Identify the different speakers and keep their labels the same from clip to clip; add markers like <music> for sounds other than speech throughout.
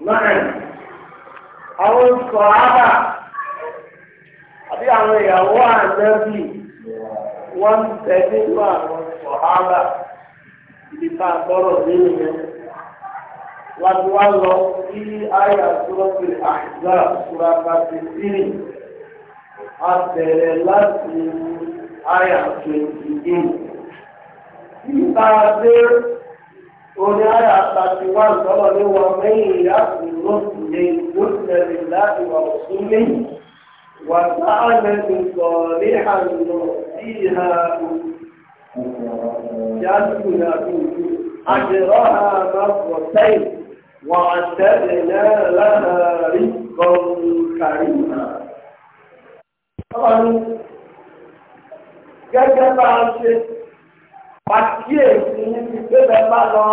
Speaker 1: náà àwọn sọ̀hábà àbí àwọn ìyàwó ànábì wọ́n ń bẹ àwọn ibi tá a nínú yẹn. Wọ́n ti wá lọ sí A bẹ̀rẹ̀ láti هنا تاتيوان طبعا هو من يقبل من لله ورسوله وتعمل صالحا نؤتيها جنة أجرها مرتين وعددنا لها رزقا كريما طبعا كيف بعد Àkíyèsí níbi pé bẹ́ẹ̀ bá lọ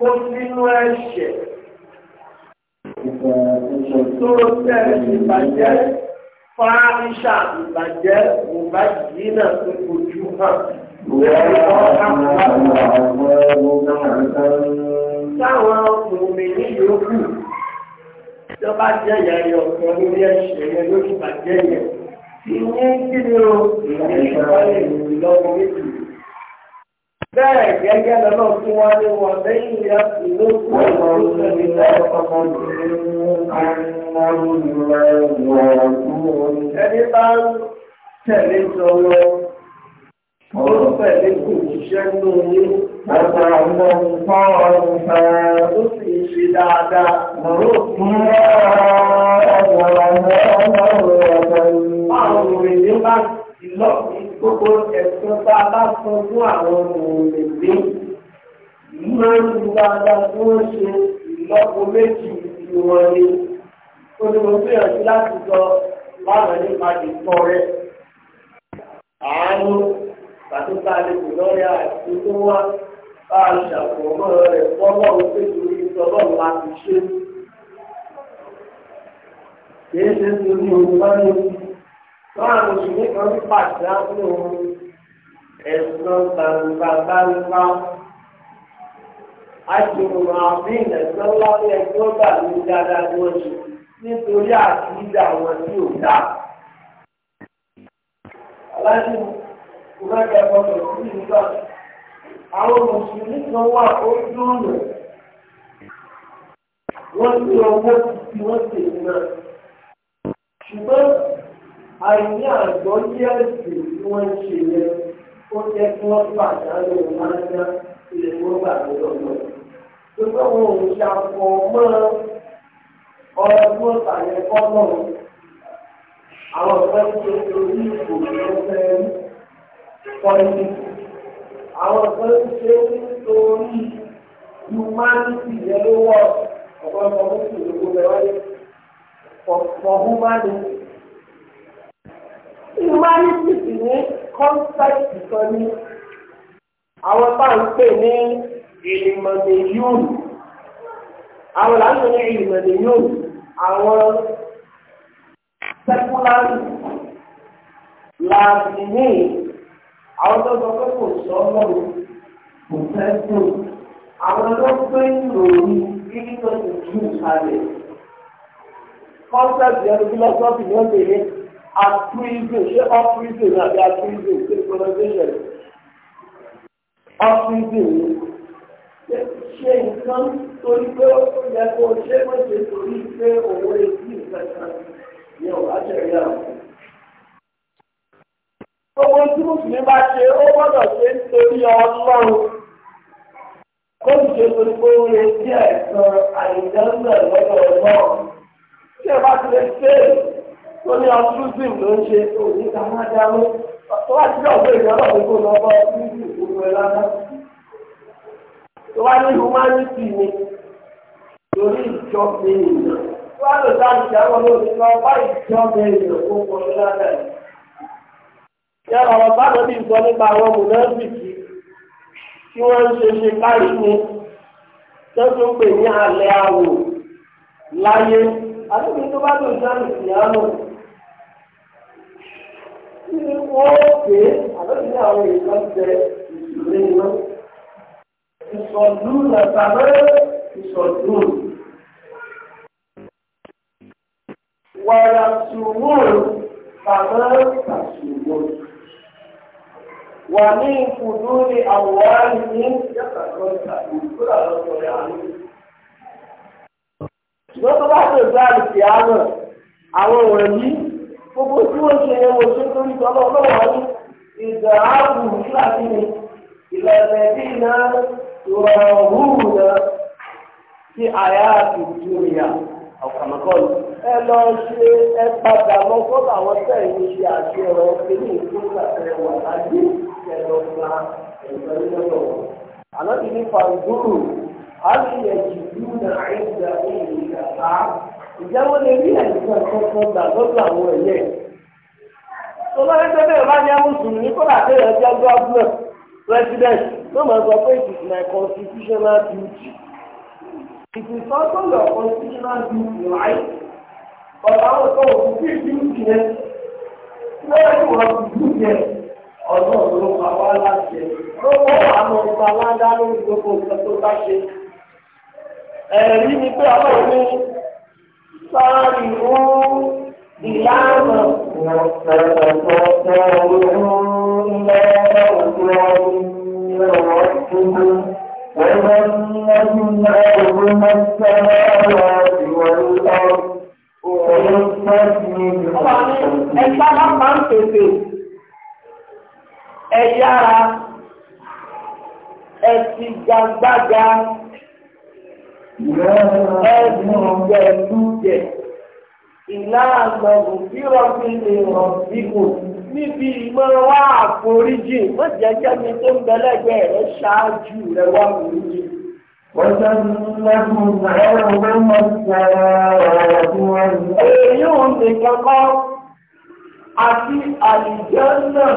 Speaker 1: kó sínú ẹ̀ṣẹ̀. Tó tẹ̀ ìbàjẹ́ fáríṣà ìbàjẹ́ ìbàjì náà tó kojú hàn. Táwọn ọkùnrin ní yòókù, tó bá jẹ́ ìyá ẹ̀yọ̀ kan lórí ẹ̀ṣẹ̀ yẹn lórí ìbàjẹ́ yẹn ìyẹn kí ni o ìyẹn ìṣẹ̀lẹ̀ ìlọ́wọ́ méjì. bẹ́ẹ̀ gẹ́gẹ́ lọ́nà tí wọ́n ní wọn lẹ́yìn ìyá ìlú kú ọ̀rọ̀ lórí ọkọ̀ ọmọdé ẹni bá ń tẹ̀lé sọ̀rọ̀. Ọ̀rọ̀ pẹ̀lú kò ṣiṣẹ́ nínú ní ọ̀pọ̀ àwọn ọmọ ọ̀rùn ó sì ṣe dáadáa. Mọ̀rọ̀ fún ọ̀pọ̀ àwọn ọmọ ọ̀rùn àwọn òmìnir bá ti lọ gbogbo ẹ̀sùn bá bá fún fún àwọn òmìnir. Máa ń lu dáadáa tí wọ́n ṣe ìlọ́po pàtó dị a lè àti tó wá bá a ṣàkóso rẹ̀ fọ́lọ́ òṣèlú ìtọ́lọ́ láti ṣe. Kìí ṣe bá ní ojú. kan pàṣẹ àbúrò ẹ̀sán gbangba gbangba. lábẹ́ ẹgbẹ́ dáadáa ní ṣe nítorí àti ìdá àwọn tí ò ìwádìí ẹgbọ́dọ̀ sí nígbà àwọn mùsùlùmí kan wà ojú ọ̀nà wọ́n ní ọwọ́ títí wọ́n sì ń náà ṣùgbọ́n àìní àgbọ̀ yẹ́ ẹ̀sìn tí wọ́n ń ṣe yẹn ó jẹ́ kí wọ́n pàdánù ìmáyá ilẹ̀ tó gbà lọ́dọ̀ pọ̀lì àwọn kan ṣe nítorí humanity yẹn ló wọ̀ ọ̀pọ̀ ọmọ mọ́tò ló gbé wáyé for humanity. humanity sì ní concept kan ní àwọn bá ń pè ní ìlìmọ̀dé yóò àwọn làwọn ní ìlìmọ̀dé yóò àwọn secular làbìnrin àwọn tó sọ pé kò sọ ọlọ́run kò fẹ́ tó àwọn tó gbé ìròyìn kíkí tó ti jù kalẹ̀ kọ́ńtẹ́ẹ̀tì ẹni fílọ́sọ́fì ni ó lè ní aprízo ṣé aprízo ní àbí aprízo ṣe pronunciation aprízo ni ṣe nǹkan torí pé ó yẹ kó ṣe é mọ̀ṣẹ́ torí pé òun lè sí nǹkan kan ní ọ̀rọ̀ àṣẹ̀yà ọ̀hún. Gbogbo tí Mùsùlùmí bá ṣe, ó gbọ́dọ̀ ṣe nítorí Ọlọ́run. Kó sì ṣe gbogbo oore tí ẹ̀sán àìjẹ́ńdà lọ́dọ̀ Ọlọ́run. Tí ẹ bá ti lè ṣe é, tó ní ọtúrúsìm ló ń ṣe òní ká má dáwó. Tó bá ti dé ọ̀gbẹ́ ìjọba mi kó lọ bọ́ ọtúrúsìm gbogbo ẹ̀ lánàá. Tó bá ní humanity ni, torí ìjọ mi nìyẹn. Tó bá lò sáà ìjà wọn lórí lọ bá ìjọ mi nìyẹn kó kọ yàrá wọn bá lọ́bí sọ nípa àwọn mùnàfíìsì tí wọ́n ń ṣe ṣe kárí ni tó tún pè ní alẹ́ àwò láyé àtúntò tó bá dùn sáà nìyàwó tí wọ́n pè é àbẹ́bí ní àwọn èèyàn jẹ ìṣòro iná ìsọ̀dún lẹ́sàbẹ́ ìsọ̀dún. Wàrà sùnwòn bàbá sàṣùwòn. ومن فضول أموالهم يخرجون كل رجل عليه ṣùgbọ́n tó bá tó gba àlùfẹ́ àmọ́ àwọn wọ̀nyí gbogbo tí wọ́n ṣe yẹn wọ́n ṣe torí tọ́lọ́ lọ́wọ́ ní ìgbà ààbò kíláàsì ni ìlànà bí iná ìrọ̀rùn hùwù náà sí àyà àtúntò ìyá ọ̀kàmọ́kọ́lù. ẹ lọ ṣe ẹ padà lọ sọ́dọ̀ àwọn sẹ́yìn ṣe àṣẹ ọ̀rọ̀ kí ní ìfúnṣàṣẹ wà láyé kẹlọ gba ẹgbẹ lọwọ alábi nípa ìdúró alìyẹ jìbú na àìsà èyí kàtà ìjà wọn lè rí àìsàn kankan gbà lọ́dọ̀ àwọn ẹ̀yẹ. tọ́lọ́dẹ́gbẹ́ bẹ́ẹ̀ bá ní amúsùlùmí kọ́lá àtẹ̀yẹ ọjọ́ gọ́ọ̀bùnà president ló máa sọ pé it is my constitutional duty. it is also constitutional duty right? ọ̀rọ̀ àwọn ọ̀sán òkú sí ìdí ìdí yẹn. lọ́wọ́ ìwọ̀n ìdí yẹn ọlọ́run ló pa wá láti ẹ̀ lọ́wọ́ àmọ́ ọba aládá lórí gbogbo nǹkan tó bá ṣe. ẹ̀rí ni pé ọlọ́run ní sáárì fún ìlànà ìrọ̀sẹ̀rọ̀sẹ̀ ìrún ilẹ̀ òkúrọ̀ ìrọ̀sẹ̀rọ̀ ومن الذين أرهم السماوات والأرض ويستثمر. ẹ sábà máa ń pèsè ẹ yára ẹ ti gbàgbága ẹ ti gbẹ̀lújẹ ìlànà òfìrọ̀bí lè ràn síkò níbi ìmọ̀ wá àforíjì mọ̀jẹ̀jẹ̀ mi tó ń bẹ̀lẹ́gbẹ̀ rẹ̀ ṣáájú rẹ̀ wá àforíjì. Èyí ò nìkan kọ́ àti àlìjẹ́ náà.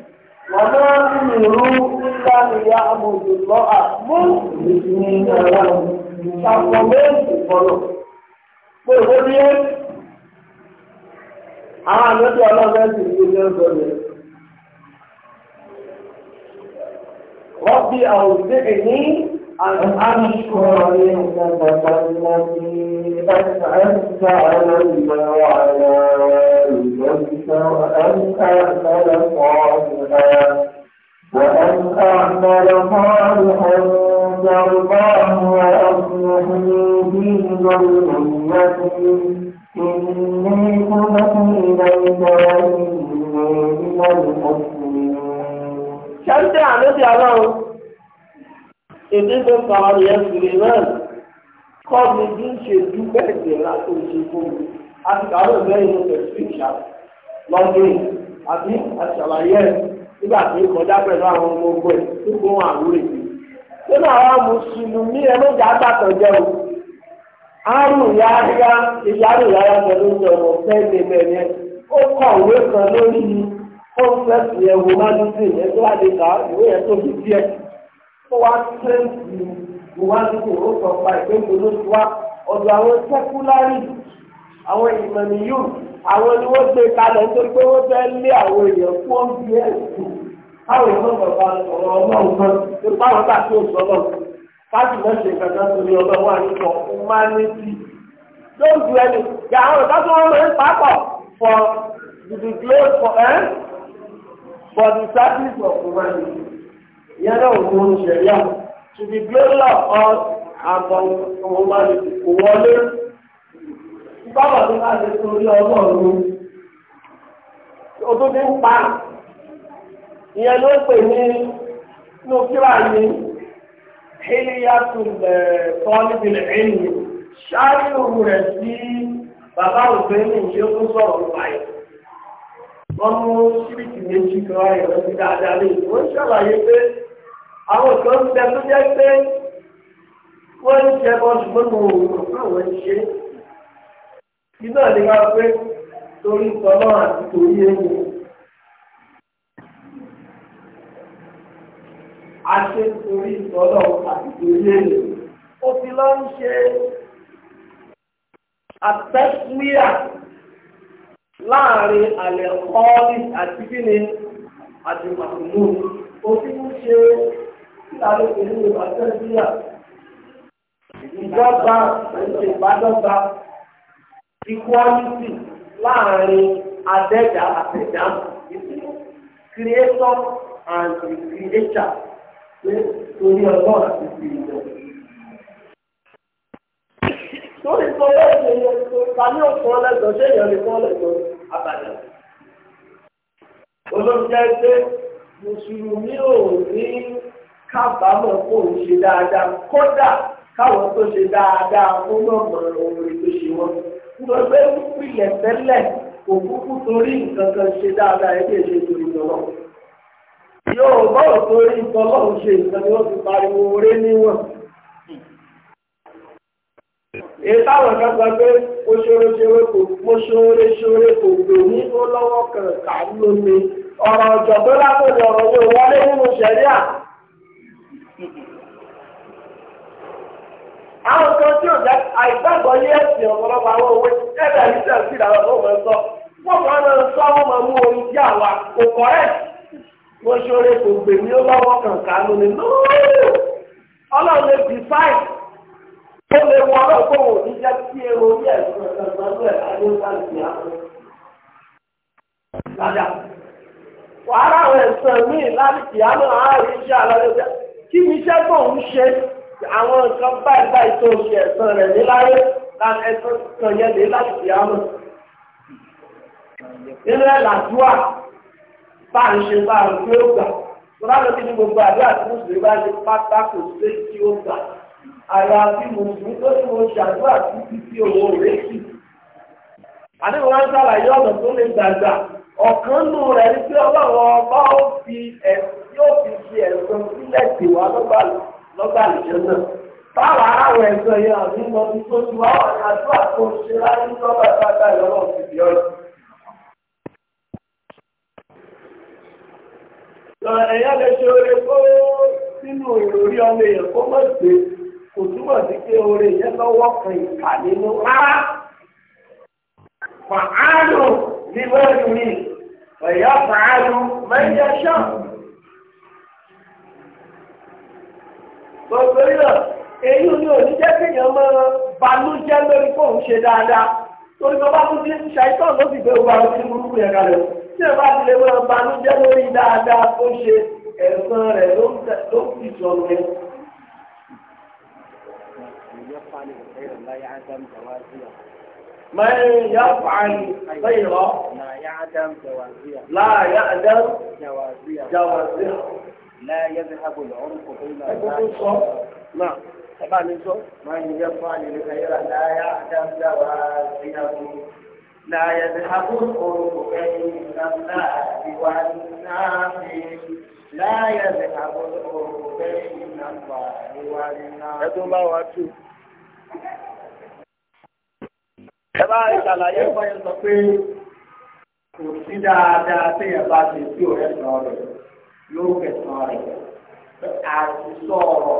Speaker 1: وما أمروا إلا ليعبدوا الله مخلصين له ṣàkóbéèkì wọ́n fi àwọn òṣèré ní àmì àmì ìṣòro ọ̀rẹ́ ìgbàgbàgbà ńlá ní أنعمت علينا وعلى والديك وأن أعمل صالحا وأن أعمل صالحا ترضاه وأصلح لي دين أمتي إني تبت إليك وإني من المسلمين. شمس يا نبي الله. إذن صار يسلمان kọ́ mi bí ń ṣe dúpẹ́ ìdẹ̀ra tó ṣe fún àti kàánù mẹ́rin pẹ̀sìfíṣà lọ́dún àbí àṣàlàyé nígbà tí kọjá pẹ̀lú àwọn ọmọ ogun ẹ̀ tó kó wọn nínú àwọn mùsùlùmí ẹ ló jà o àrùn ìyá àrùn pẹ̀lú fẹ́ẹ́ bẹ̀rẹ̀ ó kan lórí ìwádìí kò ó sọ pa ìpéǹkò ló ti wá ọ̀dọ̀ àwọn sẹ́kúlárì àwọn ìmọ̀nì yóò àwọn ni wọ́n gbé kalẹ̀ nítorí pé wọ́n fẹ́ lé àwọn èèyàn fún ọ́nbí ẹ̀sùn káwọn èèyàn sọ̀rọ̀ bá ọ̀rọ̀ ọlọ́run kan tó báwọn bá tó sọ lọ káàdì náà ṣe kankan torí ọlọ́run wà nípa humanity don't do any yà àwọn ìdájọ́ wọn lórí pápọ̀ for the glory for ẹ́ eh? for the service of humanity ìyẹn náà ò mú oúnjẹ to the glory of God and for humanity kò wọlé báwo ni wọ́n á lè torí ọlọ́run o tó fi ń pa ìyẹn ló pè ní inú kíra ni hiliyatul talibul ilmi ṣáájú òun rẹ̀ sí bàbá òfin ní ìṣe tó sọ̀rọ̀ nípa ẹ̀. wọ́n mú síríkì méjì kan ayọ̀ lọ sí dáadáa lẹ́yìn wọ́n ṣàlàyé pé àwọn kan ń bẹ tó jẹ́ pé wọ́n ń jẹ bọ́ ṣùgbọ́n mo rò pé àwọn ń ṣe iná ni wá pé torí tọ́lọ́ àti torí ewu. a ṣe torí tọ́lọ́ àti torí ewu. ó fi lọ ń ṣe àtẹ́síwíà láàrin àlẹ́ ọ́ọ́lì àti kíni àti màmú. ó fi ń ṣe láti pẹ̀lú àtẹ́síyà ìjọba àti ìbádọ́gba equality láàrin adẹ́dà àtẹ̀dá creator and creature pé torí ọlọ́run àti ìgbìyànjọ. lórí tó bẹ́ẹ̀ ṣe yẹ kó ta ní òkun ọlẹ́dọ̀ ṣé èèyàn lè kọ́ ọlẹ́dọ̀ àbàdàn. olóńjẹ́ pé mùsùlùmí ò ní kábàámọ̀ kó o ṣe dáadáa kódà káwọn tó ṣe dáadáa kó náà mọ ohun rẹ̀ ṣe wọn. nítorí pé pípìlẹ̀ tẹ́lẹ̀ kò kúkú torí nǹkan kan ṣe dáadáa ẹgbẹ́ ṣe torí tọ́lọ́. yóò bọ́ọ̀ torí tọ́lọ́ ń ṣe nǹkan ni wọ́n ti pariwo oré níwọ̀n. èyí táwọn kan sọ pé mo ṣoore-ṣoore kò mo ṣoore-ṣoore kò gbè ní ó lọ́wọ́ kan kà ń lómi ọ̀rọ̀ ọ̀jọ̀gbọ́n lápò ọ̀rọ̀ yóò wọlé nínú ṣẹ̀ríà. àwọn kan tí òjá àìgbàgbọ́ yé ẹ̀sìn ọ̀pọ̀lọpọ̀ àwọn òwe ẹ̀dà yìí tẹ̀ sí ìdáwọ̀ tó wọ́n sọ wọ́n kàn máa sọ wọ́n máa mú orin tí àwa kò kọ́ ẹ̀ wọ́n ṣoore kò gbè ní ó kàǹkà lónìí lóòrò ọlọ́run lè fi fáì lè wọ ọlọ́run tó wò ní jẹ́ kí orí kí mi iṣẹ́ tó ń ṣe àwọn nǹkan báyìí báyìí tó ṣe ẹ̀sán rẹ̀ níláyé láti ẹ̀sán kan yẹn lè láti fi àmọ́. nínú ẹ̀ làdúrà bá ń ṣe bá ń gbé ògbà tó bá lọ sí ní gbogbo àdúrà tí mo sì bá ṣe pátá kò sí tí ó gbà àyà bí mo sì ń tó ní mo ṣàdúrà títí tí owó rẹ̀ kì. àdéhùn wá ń ṣàlàyé ọ̀nà tó lè gbàgbà ọ̀kan nù rẹ̀ ní pé ọlọ́run ọba ó fi ẹ̀sán yóò fi fi ẹ̀sán sílẹ̀ tì wá lọ́gbà ìjọ náà. Báwa àwọn ẹ̀sán yẹn àbí lọ sí tó ti wá wà ní àdúrà tó ṣe láyé lọ́gbà ìgbàgbà ìlọ́wọ́ fi bí ọ̀rọ̀. Lọ́rọ̀ ẹ̀yà lè ṣe oore kó sínú ìròrí ọmọ èèyàn kó mọ̀ sí kò túmọ̀ sí pé oore yẹn lọ́wọ́ kan ìkà nínú rárá. Fàánù ni wọ́n rí ẹ̀yà fàánù máa ń yẹ ṣọ́ọ̀bù. Òṣèré náà, èyí ò ní òní jẹ́ kéèyàn máa banújẹ́ lórí fóun ṣe dáadáa. Torí tó bá tún ti ṣàìsàn ló sì gbé ogun àwọn tí burúkú yẹn kalẹ̀. Tí ẹ bá ti lè máa banújẹ́ lórí dáadáa tó ṣe ẹ̀sán rẹ̀ ló ń fi sọ̀rọ̀ yẹn. من يفعل خيرا لا يعدم جوازيه لا يعدم جوازيه láyé bí hábò lọ́rùn kò tó lọ. ẹgbẹ́ tó sọ náà ẹ bá mi sọ. máa ń yẹ fún àlè lóka yẹra láyé àdáńdá wa sí àbú. láyé bí hábò lọ́rùn kò kẹ́yìn nàmdá àtiwá náà fi. láyé bí ìṣàlàyé fún ẹ sọ pé kò sí dáadáa tí ẹ bá ṣe sí òun ẹ̀sán rẹ̀. yóò fẹ̀sán rẹ̀ àti sọ̀rọ̀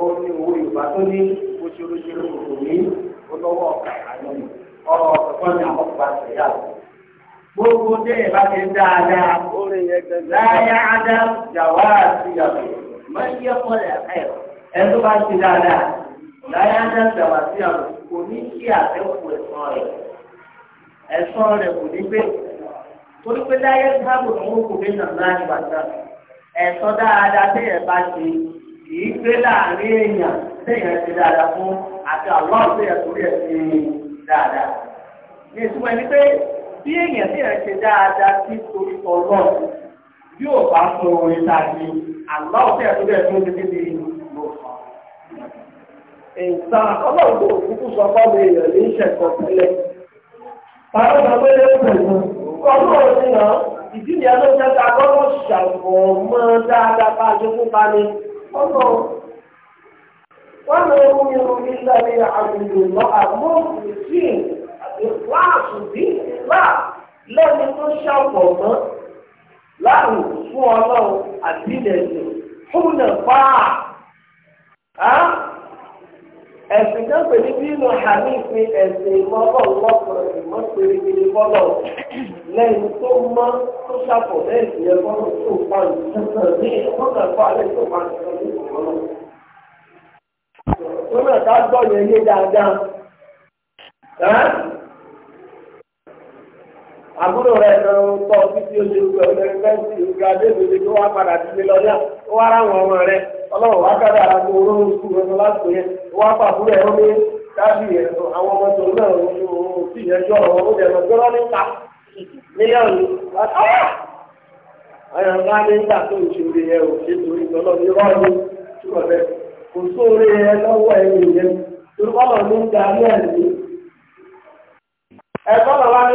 Speaker 1: ó ní owó yorùbá tó ní oṣooṣoro kò ní olówó ní o. gbogbo bá ti dáadáa jàwá àti yàtọ̀ kọ́lẹ̀ ẹ̀ bá ti dáadáa jàwá àti yàtọ̀ kò ní kí àtẹ̀kù rẹ̀ rẹ̀ kò ní gbé torí pé ẹ̀sọ́ dáadáa téèyàn bá ṣe kì gbé láàrin èèyàn téèyàn ṣe dáadáa fún àti àwọn téèyàn torí dáadáa. ní ìtumọ̀ ẹni pé bí èèyàn téèyàn ṣe dáadáa sí torí ọlọ́ yóò bá fún àlọ́ ìlú. ìtàn ọlọ́run tó kúkú sọ èèyàn ní ìṣẹ̀kọ̀ ìdí ni ẹgbẹ́ ìjọba gbọ́dọ̀ ṣàwọ̀ mọ́ dáadáa bá a ṣe fún ta ni ọ̀nà wọ́n lọ mú irun ní lẹ́yìn àbùdù lọ́wọ́ àmóhùnsí àti fúláàsì bí ìlà lẹ́ni tó ṣàwọ̀ mọ́ láàrùn fún ọlọ́run àti ìdẹ̀sìn fún nàfà ẹ̀sìn kan pè ní bínú hàmí ẹ̀sìn ìmọ̀ ọlọ́run lọ́kùnrin. fọ́lọ̀ lẹ́yìn tó mọ́ tó sàpọ̀ lẹ́yìn ìyẹn tó pa ní ọ̀nà fún tó pa nye ní ụtọ Àbúrò rẹ̀ lọ tọ́ títí oṣù gbẹ̀rẹ̀ fẹ́ǹsì ìgbà tó wá padà sílé ó wá ráwọn ọmọ rẹ̀ yẹn wá pàbúrò dábì ẹ̀sọ́ àwọn ọmọ tó náà ń lo ohun tí ìyẹjọ́ ọ̀rọ̀ ó dẹ̀ lọ́jọ́ lọ́ nípa mílíọ̀nù àyàn bá ní tó ń ṣe ẹ ò ṣe torí lọ́lọ́ ní rọ́ọ̀lù túbọ̀ bẹ́ẹ̀ kò sóore ẹ lọ́wọ́ ẹ nìyẹn torí ń ní ẹ̀mí ẹ wá ní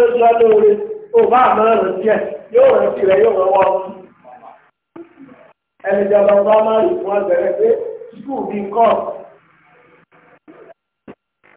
Speaker 1: ó bá àmọ́ díẹ̀ yóò rẹ̀ sí rẹ̀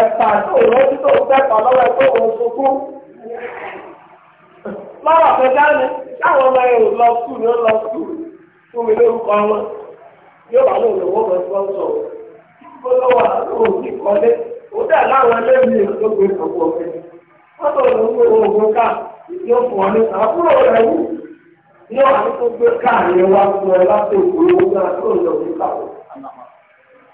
Speaker 1: ẹ̀fà tó ìrọ́jú tó fẹ́fà lọ́wọ́ ẹ̀fọ́ òun sunkún. lọ́wọ́ àfẹ́já ni káwọn ọmọ ẹ̀ lọ sùn ni ó lọ sùn fún mi lórúkọ wọn yóò wà lóun lówó lọ sọ sọ ó lọ́wọ́ àlóhùn sí kọ́lé ó dà láwọn ẹlẹ́mìí ìgbógun ìkọ̀kọ̀ ọ̀fẹ́ wọ́n tó lọ ká ní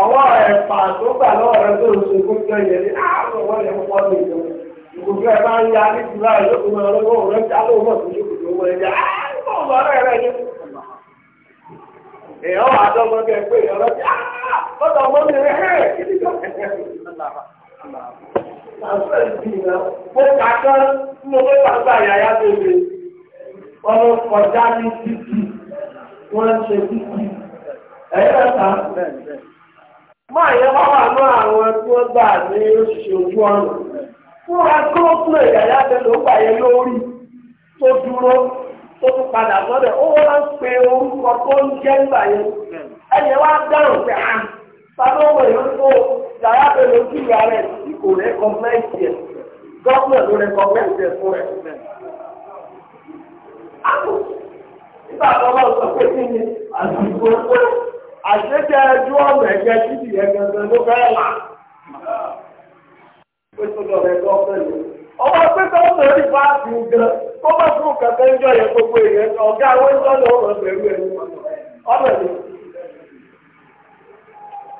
Speaker 1: ọwọ́ ẹ̀fà tó gbà lọ́wọ́ ah, tó ṣe kó ah, ní àwọn ya ní ọmọ ọmọ máa yẹ wá wà ní àwọn tí wọ́n gbà ní òṣìṣẹ́ ojú ọ̀nà fúnra gọ́ọ̀pù ìyàyà tẹ̀lé ó gbà yẹ lórí tó dúró tó tún padà sọ́dẹ̀ ó wá ń pe orúkọ tó ń jẹ́ nígbà yẹn wá dáhùn pé ah, à ìyá rẹ̀ tí àṣẹjẹ ẹjọ́ ọ̀nà ẹ̀jẹ̀ títì ẹ̀gẹ̀gẹ̀ ló fẹ́ là. ọwọ́ tó bá fún yẹ gbogbo èèyàn ọ̀gá ẹni ni.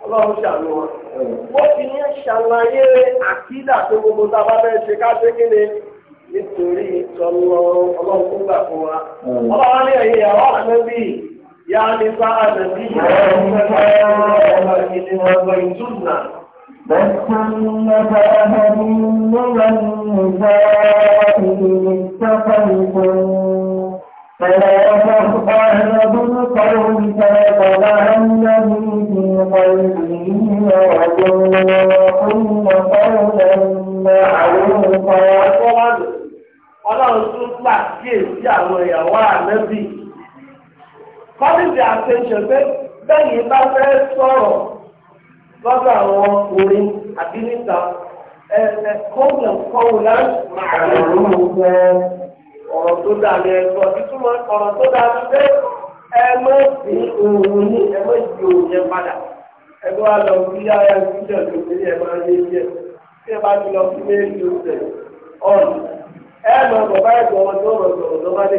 Speaker 1: ọlọ́run wọ́n fi ń ṣàlàyé àkídà tó gbogbo tá a bá fẹ́ ṣe ká ṣe kí ni nítorí ìtọ́lọ́ ọlọ́run يا نساء النبي وبيتنا واستن فأهل من النساء إن اتقيتم فلا تخضعن بالقول فيطلع الذي في قلبه وقلن قولا معروفا. Ọlọ́run tún pàkíyèsí àwọn ìyàwó ànábì kọ́lìdì àtẹ̀sẹ̀ pé bẹ́ẹ̀ni bá fẹ́ sọ̀rọ̀ lọ́dọ̀ àwọn ọkùnrin àbí níta kọ́ọ̀nà kọ́ọ̀lá màálùú ọ̀pọ̀ ọ̀rọ̀ tó dáa ní ẹ̀kọ́ ìtumọ̀ ọ̀rọ̀ tó dáa ní pé ẹ mọ̀ sí òun ní ẹ mọ̀ sí òun yẹn padà ẹgbẹ́ wa lọ sí yára ìfúnjẹ tó ní ẹ máa yé díẹ̀ tí ẹ bá ti lọ sí méjì ọ̀sẹ̀ ọ̀nà ẹ mọ̀ bàbá ẹ̀gbọ́n ọmọdé ọ̀rọ̀ sọ̀rọ̀ lọ́wọ́dé.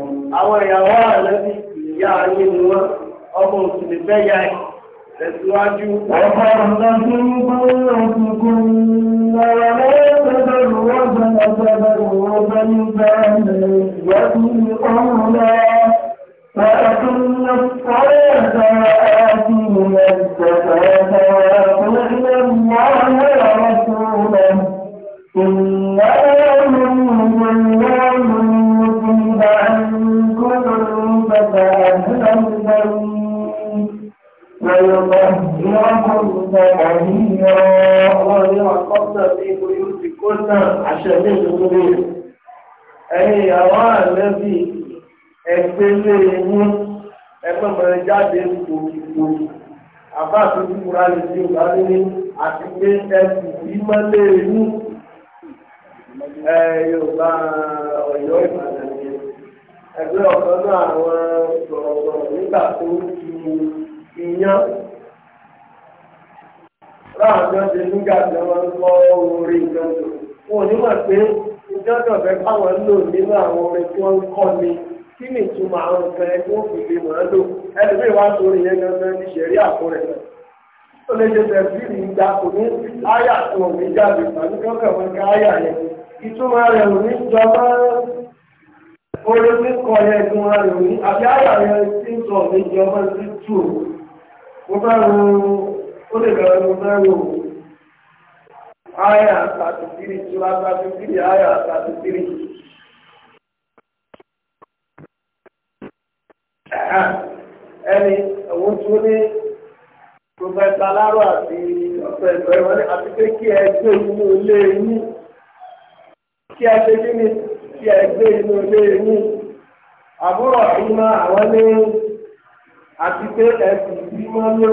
Speaker 1: àwọn ìyàwó àlẹ́bí ìyá ayé ni wọ́n ọmọ òsìlè fẹ́ ya ẹ̀ tẹ̀síwájú. ọ̀pọ̀ ọ̀nà tí ń bá ọkùnkùn lára lẹ́ẹ̀kẹ́bẹ̀rù wọ́n bẹ̀rẹ̀ bẹ̀rẹ̀ wọ́n bẹ̀rẹ̀ bẹ̀rẹ̀ ìwádìí ọ̀rùn náà فأتم الصلاة وآتيهم الزكاة وأطيعوا الله ورسوله إنما يؤمن بالله ذهب عنكم فسأهل البيت ويطهركم تطهيرا ويعطفن في بيوتكن عشان الغريب أي أوان الذي أكتبه ẹgbẹ́ mọ̀rẹ́ jáde kòkìkò àbá àtúntò múra lè di ọ̀gá nílé àti pé ẹkù yìí máa lé inú ẹ̀ yorùbá ọ̀yọ́ ìbàdàn. ẹgbẹ́ ọ̀kan náà àwọn sọ̀rọ̀sọ̀rọ̀ nígbà tó ń fi iyán láàrin ọ̀sẹ̀ nígbà tí wọ́n ń kọ́ orin ìjọsìn wọn ò ní mọ̀ pé ìjọsìn ọ̀fẹ́ káwọn lò nínú àwọn orin tí wọ́n ń kọ́ ni kí ni ìtumọ̀ àwọn tó fi lè mọ̀ lò ẹni bí wàá yẹn gangan ní ó orí kíkọ yẹ ẹ̀gbọ́n wa lò ní àbí àyà yẹ tí ń sọ méjì ọmọ sí tù ó fẹ́ ó lè bẹ̀rẹ̀ mo fẹ́ ro àyà thirty three àyà thirty three. ẹni òun tún ní pòfẹ́sà aláró àti tí ẹ gbé inú ilé yín àbúrò ìmọ̀ àwọn ní àti pé ẹ̀sìn bímọ ní.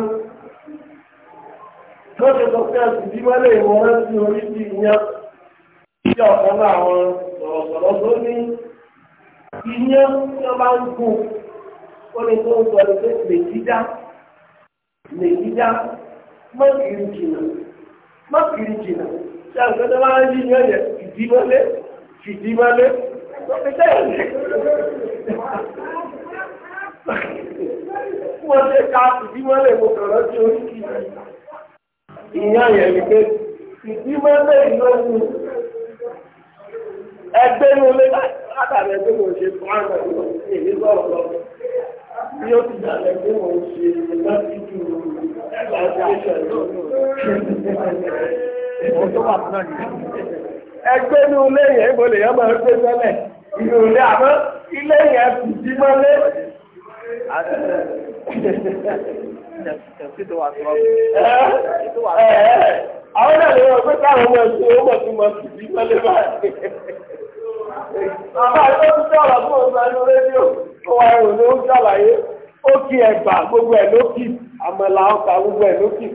Speaker 1: lóṣù tó pé ẹ̀sìn bímọ lè wọ́n rántí orí sí ìyẹn tí ọ̀kan náà sọ̀rọ̀sọ̀rọ̀ tó ní ìyẹn tí wọ́n bá ń gùn ó lè tó ń sọ pé lè lè jìnnà jìnnà àgbẹ̀dẹ́ bá ń yí fìdí mọ́lé wọ́n ṣe ká fìdí mọ́lé mo kọ̀rọ̀ sí oríkì ìyá yẹn ni pé fìdí mọ́lé ìlọ́wù ẹgbẹ́ ní olé látàrí ẹgbẹ́ mo ṣe fún àwọn ọmọ èyí sọ̀rọ̀ lọ bí ó ti dàgbẹ́ pé mo ṣe láti ju ẹgbẹ́ ẹgbẹ́ ní ilé yẹn ìbò lè máa gbé tẹ́lẹ̀ ìlú ilé àmọ́ ilé yẹn kù sí mọ́lé. àwọn náà lè wọ́n ọmọ ẹ̀sìn ó mọ̀ mọ̀ sí sí mọ́lé báyìí. ẹgbà gbogbo ẹ̀ lókì ọkà gbogbo ẹ̀ lókì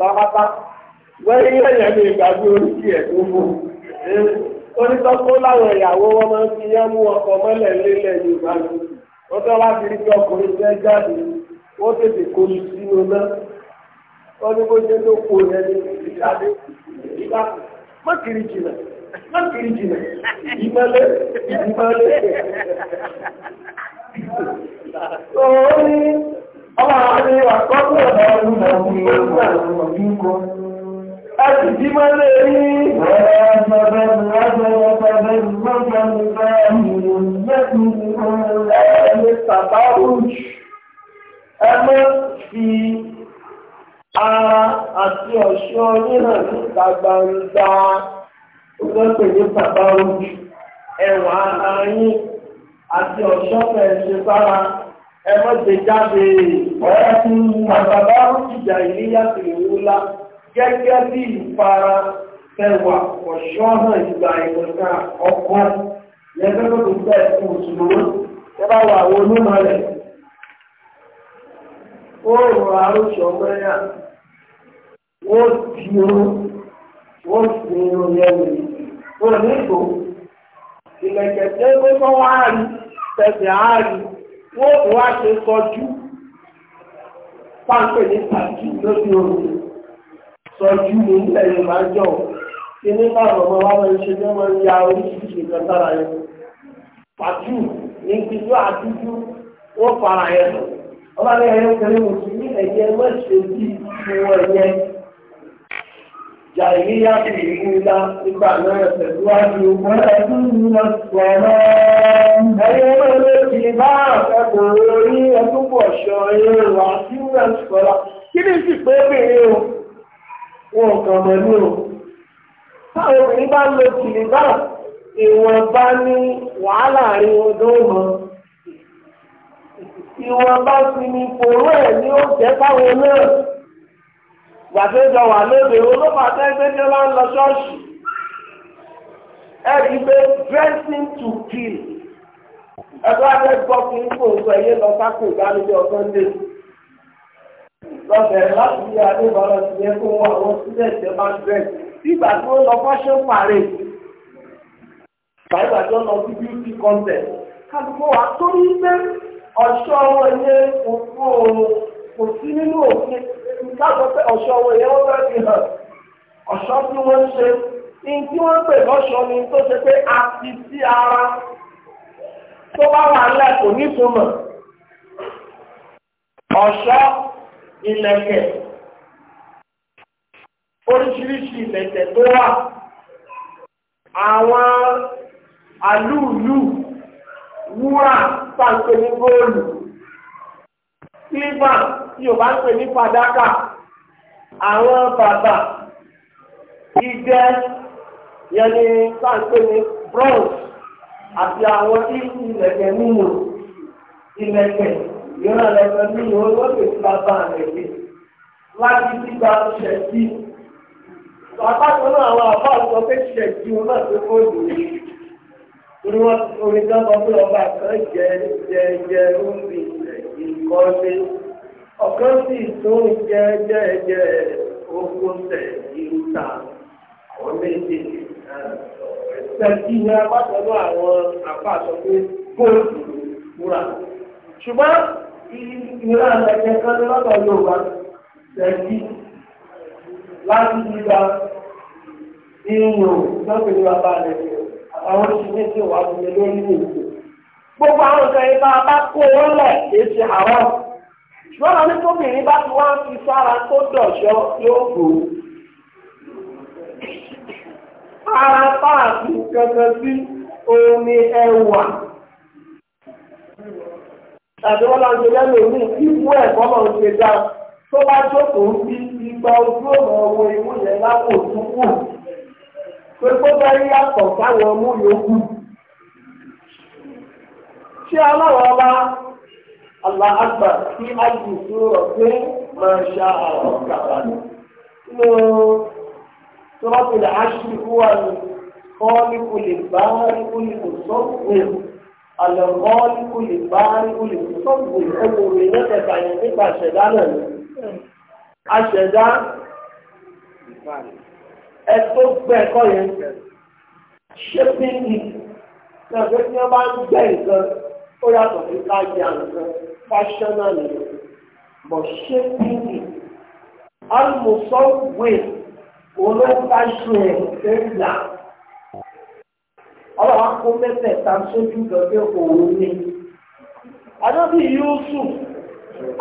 Speaker 1: wẹ́n ilé ní ìgbàgbé orí kí ẹ̀ tó onítọ́kọ́ láwọn ìyàwó wọn máa ń fi yẹn mú ọkọ mọ́lẹ̀ lélẹ̀ yorùbá lọ wọ́n tọ́ wá rí ibi ọkùnrin fẹ́ jáde wọ́n tètè kó lu sínú náà wọ́n ní bó ṣe ló kó yẹn ní ìgbà jìnà jìnà ìmọ̀lẹ́ ìmọ̀lẹ́. ọmọ láti bí máa lè rí. Ẹ má fi ara àti ọ̀ṣọ́ níhàn níta gbangba olóòpè ní bàbá ojú ẹwà ara yín àti ọ̀ṣọ́ fẹ̀ẹ́ṣẹ̀ sára ẹ má gbé jáde ọ̀rẹ́ fún bàbá ojú ìjà ìléyà tèlé wúlá gẹ́gẹ́ bí ìfara tẹwà ọ̀ṣọ́nà ìgbà ìwọ̀nà ọkọ̀ lẹ́gbẹ́ tó tó bẹ́ẹ̀ fún òṣùlọ́wọ́ tẹ́ bá wà àwọn onímọ̀ rẹ̀ ó rọ àrùsọ mẹ́yà ó di irun ó sì irun yẹ̀wò ó nígbò ìlẹ̀kẹ̀tẹ́ pé kọ́ wá rí tẹ̀sẹ̀ á rí wọ́n wá ṣe sọjú sọjú ní ilẹ̀ yorùbá jọ kí ní ọmọ wa máa ń ṣe jẹ́ máa ń ya oríṣiríṣi nǹkan sára yẹn pàtó ní gbígbó àdúgbò wọ́n fara yẹn lọ ọba ní ẹyẹ kẹrin mo ti ní ẹ̀jẹ̀ mọ́ṣẹ́ bí ìwọ ẹ̀yẹ jàìní yàtì ìwúlá nígbà náà tẹ̀síwájú wọn ẹ̀dùn ní ọ̀sọ̀ náà ẹ̀yẹ náà ló ti bá àfẹ́kọ̀ọ́ orí ẹ̀dúnbọ̀ ṣọ eré wa sí ọ̀sọ̀ kí ni sì pé bèrè o wọn kàn mọ̀ o. táwọn obìnrin bá lo jìnnìbá ìwọ̀n bá ní wàhálà rí ọdún mọ́. ìwọ̀n bá ti ní kòró ẹ̀ ní oúnjẹ fáwọn náà. gbàdéjọ wà lóde olófà tẹ́gbẹ́jọ́ bá ń lọ ṣọ́ọ̀ṣì. ẹ̀rí pé dressing to kill. ẹgbẹ́ akẹ́kọ̀ọ́ kì í fòǹkọ̀ ẹ̀yẹ lọ sákò ìdánilẹ́ ọ̀sán dé lọ́bẹ̀rẹ̀ láti ilé adébọ̀lọ́ ti yẹ kó wọn àwọn sílẹ̀ tẹ́ máa ń bẹ̀rẹ̀ nígbà tí wọ́n lọ fashion parade tàbí àjọ lọ sí beauty contest kálukó wa torí pé ọ̀ṣọ́ wọn yẹ òfò kò sí nínú òfin káàkó pé ọ̀ṣọ́ wọn yẹ wọ́n fẹ́ fi hàn ọ̀ṣọ́ tí wọ́n ṣe ní tí wọ́n pè lọ́ṣọ́ ni tó ṣe pé a ti sí ara tó bá wà lẹ́kọ̀ọ́ nítumọ̀ ọ̀ṣọ́ ìlẹ̀kẹ̀ oríṣiríṣi ìlẹ̀kẹ̀ tó wà àwọn àlúùlù wúrà pàǹpẹ̀ ní góòlù sílvà tí ò bá ń pè ní fàdákà àwọn bàbà ìjẹ́ yẹn ni pàǹpẹ̀ ní bronze àti àwọn ìlẹ̀kẹ̀ nínú ìlẹ̀kẹ̀. ìran lọ́sọ̀ ní ìwé lọ́sẹ̀ tí bàbá rẹ̀ láti tí bá sí. Bàbá kan náà àwọn àbá sọ sí ọba kan jẹ jẹ jẹ sì tún jẹ jẹ jẹ Àwọn ṣùgbọ́n ìrìn àlẹ́kẹ́ kan lọ́dọ̀ Yorùbá tẹ̀sí láti gbígba ìyìn lọ́pẹ̀ ní bàbá rẹ̀ àwọn oṣìṣẹ́ tí wà fún mi lórí ìlú. Gbogbo àwọn nǹkan yìí bá a bá kó wọn lẹ̀ kìí ṣe àwọn. Ṣùgbọ́n àwọn onítòbìnrin bá ti wá ń fi sára tó dọ̀ṣọ́ yóò gbò. Ara bá àti kankan sí omi ẹwà tàbí wọn lọ́n ṣe lẹ́nu òní ìbú ẹ̀kọ́ lọ́n ṣe dá tó bá jókòó sí ìgbà ojú ọ̀nà ọ̀wọ́ ìwú yẹn lápò òtúkù pé kó bá rí yàtọ̀ sáwọn ọmú yòókù. ṣé aláwọ̀ ọba aláàgbà tí a jù sọ̀rọ̀ pé máa ṣa àwọn kàkà nínú tọ́lá tó lè aṣíwájú kọ́ ní kò lè bá rí lè kò sọ́ọ̀rọ̀ àlọ́kọ́ọ́lùkù lè bá àlùkù lè sọ́ọ̀bù ọmọ rẹ̀ lẹ́tẹ̀ẹ̀ta yẹn nípa àṣẹ̀dá náà ni. àṣẹ̀dá ẹ tó gbẹ ẹ̀kọ́ yẹn shaping it náà pé tí wọ́n bá ń gbẹ nǹkan ó yàtọ̀ sí ká yà nǹkan fashional nìyẹn but shaping it alùpùpù sọ́ọ̀wé ẹ̀ ń là ọlọ́wọ́ kó mẹ́fẹ̀ ta sójú lọ́gbẹ́ òun ni. Adébí Yusuf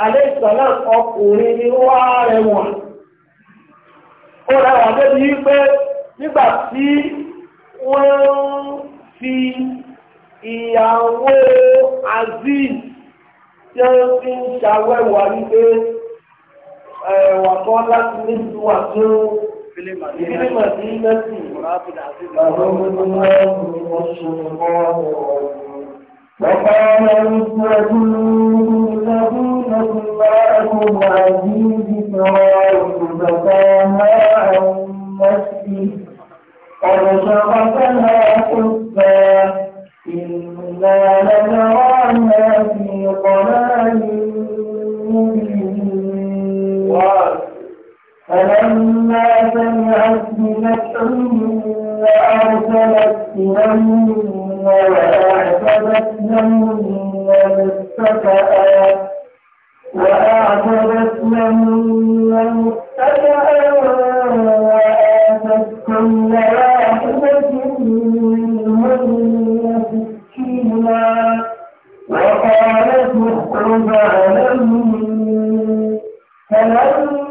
Speaker 1: Alẹ́sọ̀lá ọkùnrin ni wá rẹwà. Ó rẹwà débi wípé nígbà tí wọ́n ń fi ìyàwó Aziz tí wọ́n fi ń ṣàwẹ́wà wípé ẹ̀wà kan láti ní ìwà tó في المدينة فهم الله والشيطان وقال المستجيب الذين الله العزيز فرائض زكاها عن نفسه قد شغفها حبا إنا لنراها في ضلال مبين فلما سمعت بمكرهم وأرسلت إليهم وأعتدت لهم متكئا وأعتدت لهم متكئا وآتت كل واحدة منهن سكينا وقالت اخرج عليهم فلما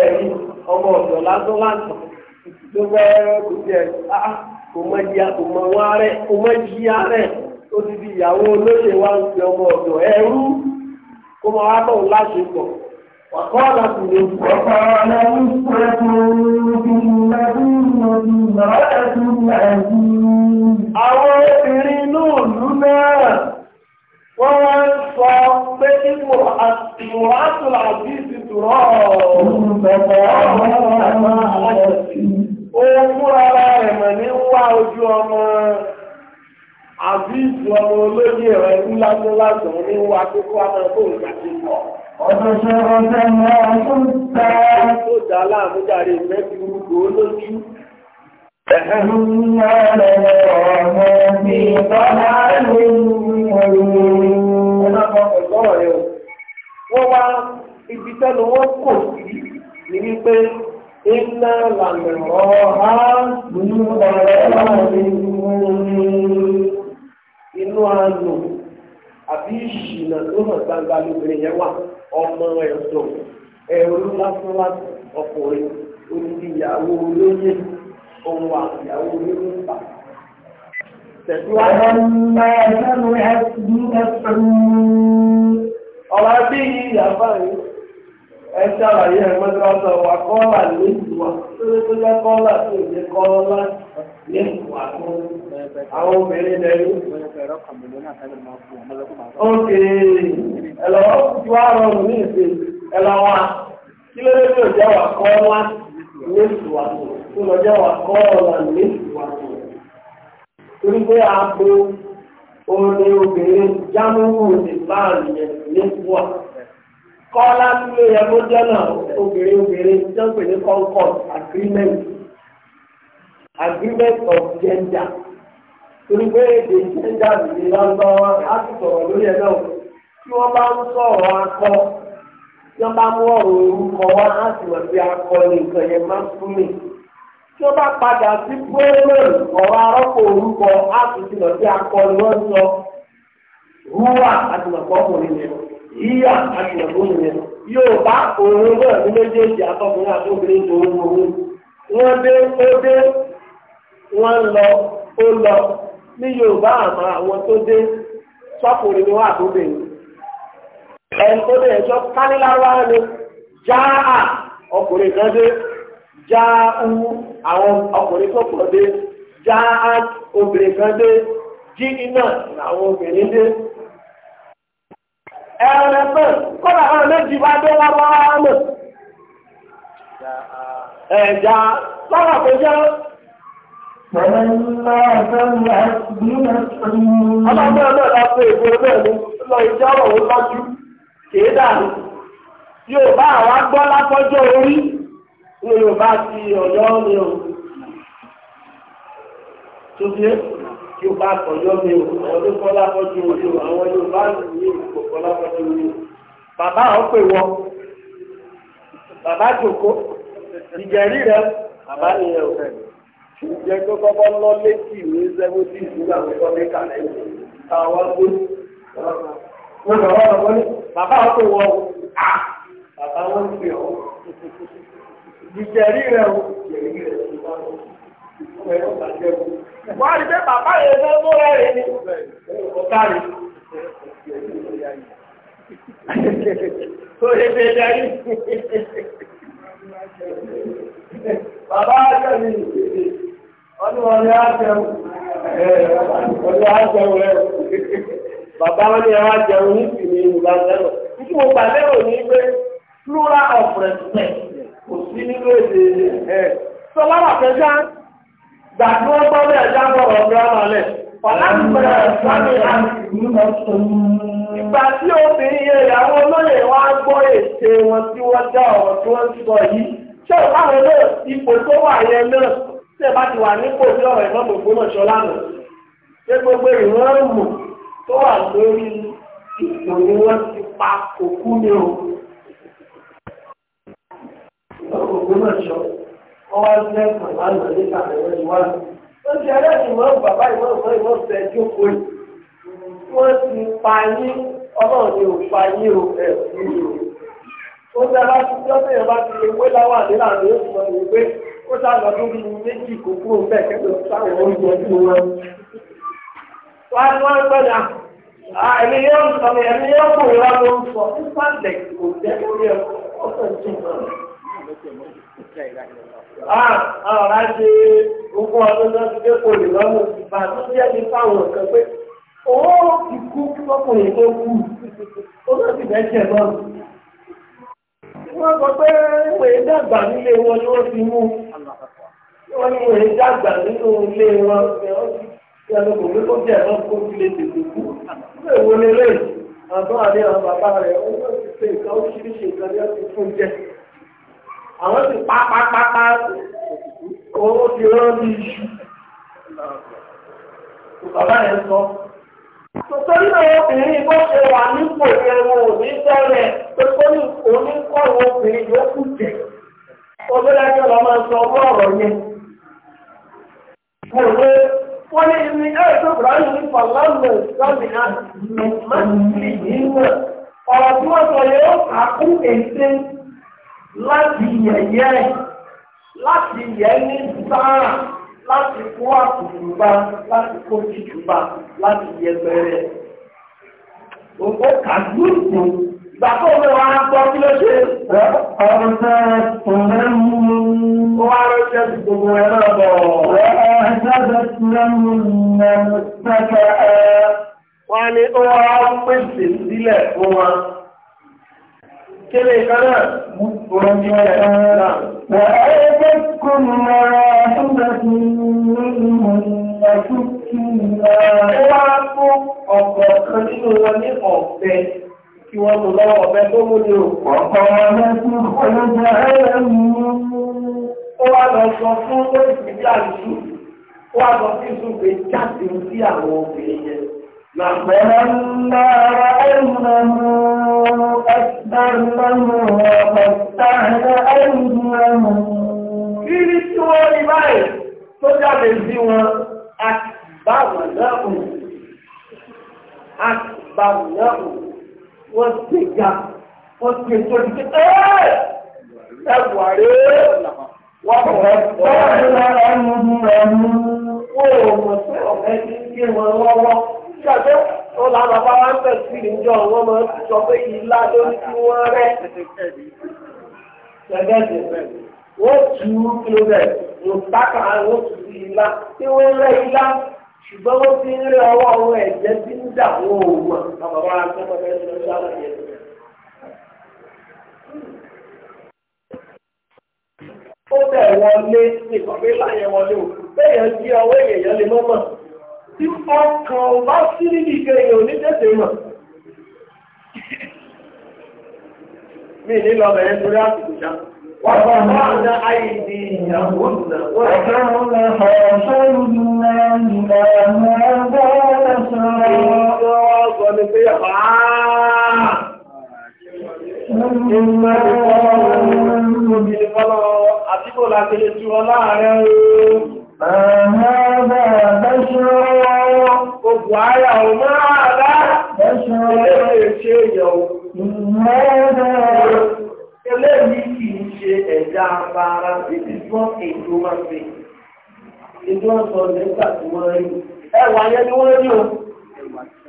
Speaker 1: ẹ̀rí ọmọ ọ̀dọ̀ lásán lásán tó fẹ́ kò jẹ́ ah, kò mọ kò mọ rẹ̀ kò mọ rẹ̀ ti di ìyàwó olóṣè wa ń fi ọmọ ọ̀dọ̀ ẹ̀rú, kó mọ wá bọ̀ wàkọ́ọ̀lá wọ́n wá ń sọ pé ipò àtìwọ́tò àbísí tùrọ̀ òun fúnra rẹ̀ mọ̀ ní wá ojú ọmọ àbísí ọmọ olóyè rẹ̀ ń lásán lásán ní wá kókó àmọ́ tó ń gbàgbé pọ̀. ọ̀dọ̀ṣẹ́ ọ̀sẹ̀ mọ́ ọdún tẹ́. ó dá láàmújáre mẹ́tìrú kò lójú. فأما لنراها في ضلال مبين wọ́n wá ibi tẹ́lu wọ́n kò sí ní wípé iná lànà inú àánú àbí ìṣìnà tó hàn gbangba lóbìnrin yẹn wà ọmọ lásán ọkùnrin olóyè òun àtìyàwó onírú ìgbà. Tẹ̀síwájú. Ọ̀rọ̀ bí ìyàbá yìí, ẹ ṣàlàyé ẹ̀mọ́tò ọ̀sọ̀ wà kọ́là lẹ́yìn wa, tó lé tó jẹ́ kọ́là tó lè kọ́lá lẹ́yìn wa tó àwọn obìnrin lẹ́yìn. Ókè ẹ̀lọ́wọ́ tí wàá rọrùn ní ìsìn ẹ̀lọ́wọ́ kí ló tó jẹ́ wà kọ́lá. nísìwàtò fún ọjọ́ wa kọ́ ọ̀la nísìwàtò torí pé aago orin obìnrin jámúwò ti báàlì yẹn nísìwà kọ́lá tí ó yẹ kó jẹ́ náà obìnrin obìnrin tó ní concord agreement agreement of gender torí pé èdè gender lọ́dọ́ tí wọ́n bá mú ọ̀rọ̀ orúkọ wá á sì mọ̀ sí akọni nǹkan yẹn máa ń fún mi. tí wọ́n bá padà sí pẹ́ẹ́lẹ̀ ọ̀rọ̀ orúkọ ti sí akọni wọ́n sọ rúwà àti mọ̀pọ̀ ọkùnrin yẹn yíyà àti mọ̀pọ̀ ọkùnrin yẹn yóò òun náà ní méjèèjì àtọkùnrin àti ẹnìkọ́dé ẹjọ́ kánilára ni jáà ọkùnrin kan dé jáà ń àwọn ọkùnrin tó pọ̀ dé obìnrin kan dé jí iná àwọn obìnrin dé. ẹ̀rọ pẹ̀ méjì bá dé ẹ̀já lọ́wọ́ jẹ́ kìí dàrú yorùbá àwa gbọ́ lápọ́jọ́ orí ní yorùbá ti ọ̀yọ́ ni o tó dé yorùbá àtọ̀yọ́ ni o ọdún kọ́ lápọ́jọ́ orí o àwọn yorùbá ní ìkọ̀kọ́ lápọ́jọ́ orí o bàbá àwọn pè wọ bàbá jòkó ìjẹ̀rí rẹ bàbá nìyẹn o ìjẹ́ tó kọ́kọ́ lọ létí ìwé sẹ́wọ́tì ìdúgbà tó kọ́ ní kàlẹ́ àwọn gbé. wọ́n lọ wọ́n lọ wọ́n bàbá kò bàbá wọ́n ti ọ̀ rẹ̀ o rẹ̀ ti bá wọn bàjẹ́ o. wọ́n á rí pé bàbá yẹn fẹ́ tó rẹ̀ rẹ̀ ni ọ̀tá rẹ̀ tó lè fẹ́ darí. bàbá ọdún jẹun ọdún jẹun o. bàbá wọn ni ẹ wá jẹun ní ìsinmi ìgbà lẹ́rọ títí mo gbà lérò ní pé plural of respect kò sí nínú èdè ẹ̀ sọlá wà kẹjá gbàgbé wọn gbọ́ bẹ́ẹ̀ já bọ̀rọ̀ gírámà lẹ̀ ọ̀làdì bẹ̀rẹ̀ sáré àti ìgbà tí obìnrin yẹn ìyàwó olóyè wa gbọ́ ète wọn tí wọ́n já ọ̀rọ̀ tí wọ́n sọ yìí ṣé o báwo náà ipò tó wà yẹn náà ṣé bá ti wà nípò tí ọ̀rọ̀ ìmọ̀ mọ̀gbọ́n náà ṣọlá nù ṣé gbogbo ìran mọ̀ tó wà lórí ipò ni wọ́n ti pa òkú ní o. Òkú náà sọ, wọ́n wá sí ẹ̀kọ́ lánàá nípa ẹ̀rọ ìwádìí. Wọ́n ti ẹlẹ́sìn mọ́ bàbá ìmọ̀ ìmọ̀ ìmọ̀ ìfẹ́ jókòó yìí. Wọ́n ti pa yín, ọlọ́run ni ò pa yín o, ẹ̀ fún mi o. Ó dá bá ti tọ́ sí ìyàbá ti lè wé láwà nílànà yóò sọ ìwé. Ó dá lọ lórí méjì kókó bẹ́ẹ̀ kẹ́kẹ́ sáwọn oúnjẹ tí wọ́n. wọ́n wọ́n gbọ́dọ̀ ẹ̀mí yóò sọ mi ẹ̀mí yóò kù ìwà ló ń sọ nípa lẹ̀ kò jẹ́ lórí ẹ̀kọ́ ọ̀sẹ̀ tó ń bọ̀. Ọ̀rá ṣe ọdún náà ti dé kò tó jẹ́ ní fáwọn pé owó tó ó bẹ́ẹ̀ náà. Wọ́n sọ pé ìwé dàgbà nílé wọn ni wọ́n ti mú. Wọ́n ní ìwé dàgbà nínú ilé wọn ni tí ẹnu kò wípé bí ẹ̀rọ kó fi lè tètè kú lè wo ni lè àbọ̀ àdé àwọn bàbá rẹ̀ ó yóò ti ti fún jẹ àwọn ti pa pa pa pa owó ti rán ní bàbá sọ. àwọn obìnrin bó ṣe wà nípò òní pé kó ní oníkọ́ àwọn obìnrin yóò jẹ. lọ máa ń sọ ọgbọ́n ọ̀rọ̀ yẹn. Mo wọ́n ní ní ẹ̀ẹ́dọ́ ìbùráyìn ní pàlọ́mù gómìnà mọ́sílì nínú ọ̀rọ̀ tí wọ́n sọ yóò kàkú èsè láti yẹ̀yẹ́ láti yẹ̀ ní sáà láti kó àtùtùbá láti kó tìtùbá láti yẹ bẹ̀rẹ̀. Òkú kàdú gbọ́ kí ló ṣe. Ọ̀rọ̀ tẹ́ tòun lẹ́nu. Ó wá rọ́ṣẹ́ فكتبت لهن متكئا wọ́n ní ó wá pèsè sílẹ̀ fún wa kéde kan náà wọ́n ní ọ̀rẹ́ náà wà á yẹ kí wọ́n tó lọ́wọ́ ọ̀fẹ́ tó mú ní òkú ọ̀pọ̀ wọn mẹ́sùn ọlọ́jà ẹ̀rọ mú ó wá lọ sọ fún ó sì bí wá lọ sí ìsúnfẹ jáde sí àwọn obìnrin yẹn. لَمَّا رَأَيْنَهُ أَكْبَرْنَهُ وَقَطَّعْنَ أَيْدِيَهُمْ Kí ni tí wọ́n rí báyìí tó jáde sí wọn? Àkìbáwọ̀ náà hù. Àkìbáwọ̀ náà hù. Wọ́n ti ga, wọ́n ti tó di pé ẹ́ẹ̀ ẹ̀wà rèé. Wọ́n kọ̀ ẹ́ tọ́ ẹ̀ lọ́rọ̀ ẹ̀mú ẹ̀mú wọn wọ́n rẹ̀. kílódẹ̀ wọ́n tákà wọ́n tù sí ìlà tí wọ́n rẹ̀ ìlà ṣùgbọ́n wọ́n ti ń rẹ̀ ọwọ́ àwọn ẹ̀jẹ̀ tí ń dà wọ́n ò mọ̀. ó bẹ̀ wọlé ní ìkọ̀wé láyé wọlé òkú bẹ́yàn jí ọwọ́ èèyàn lè mọ́mọ̀ tí ọkàn bá sí níbi ìgbẹ́ èèyàn ò ní tètè mọ̀. mi ní lọ bẹ̀rẹ̀ torí àsìkò ṣá. wọ́n bá wọn ná àìdí láti lè tu ọ láàárín ooo. هذا بشر gbogbo ara ọmọ àbá ẹlẹ́rìí ṣe yọ̀wó. Eléyìí kì í ṣe ẹ̀dá abara títí fún èdè wọn fi. Èdè wọn sọ nígbà tí wọ́n rí. Ẹwà yẹn ni wọ́n rí o. ń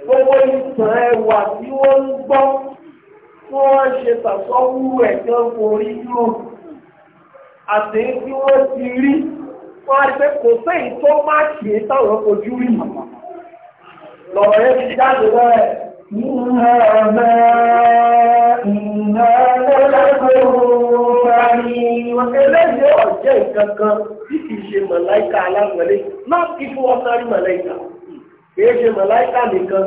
Speaker 1: gbọ́ wọ́n ti rí wọ́n á rí pé kò sẹ́yìn tó má kì í táwọn ojú rí màmá lọ́rọ̀ yẹn ti jáde lọ́rẹ̀ Iná ọ̀nà ìná lọ́lọ́gbọ̀rún parí. Eléyìí ọ̀jẹ́ ìkankan tí kìí ṣe màláìka aláwọ̀lé, náà kí fún ọ̀sárí màláìka. Kìí ṣe màláìka nìkan,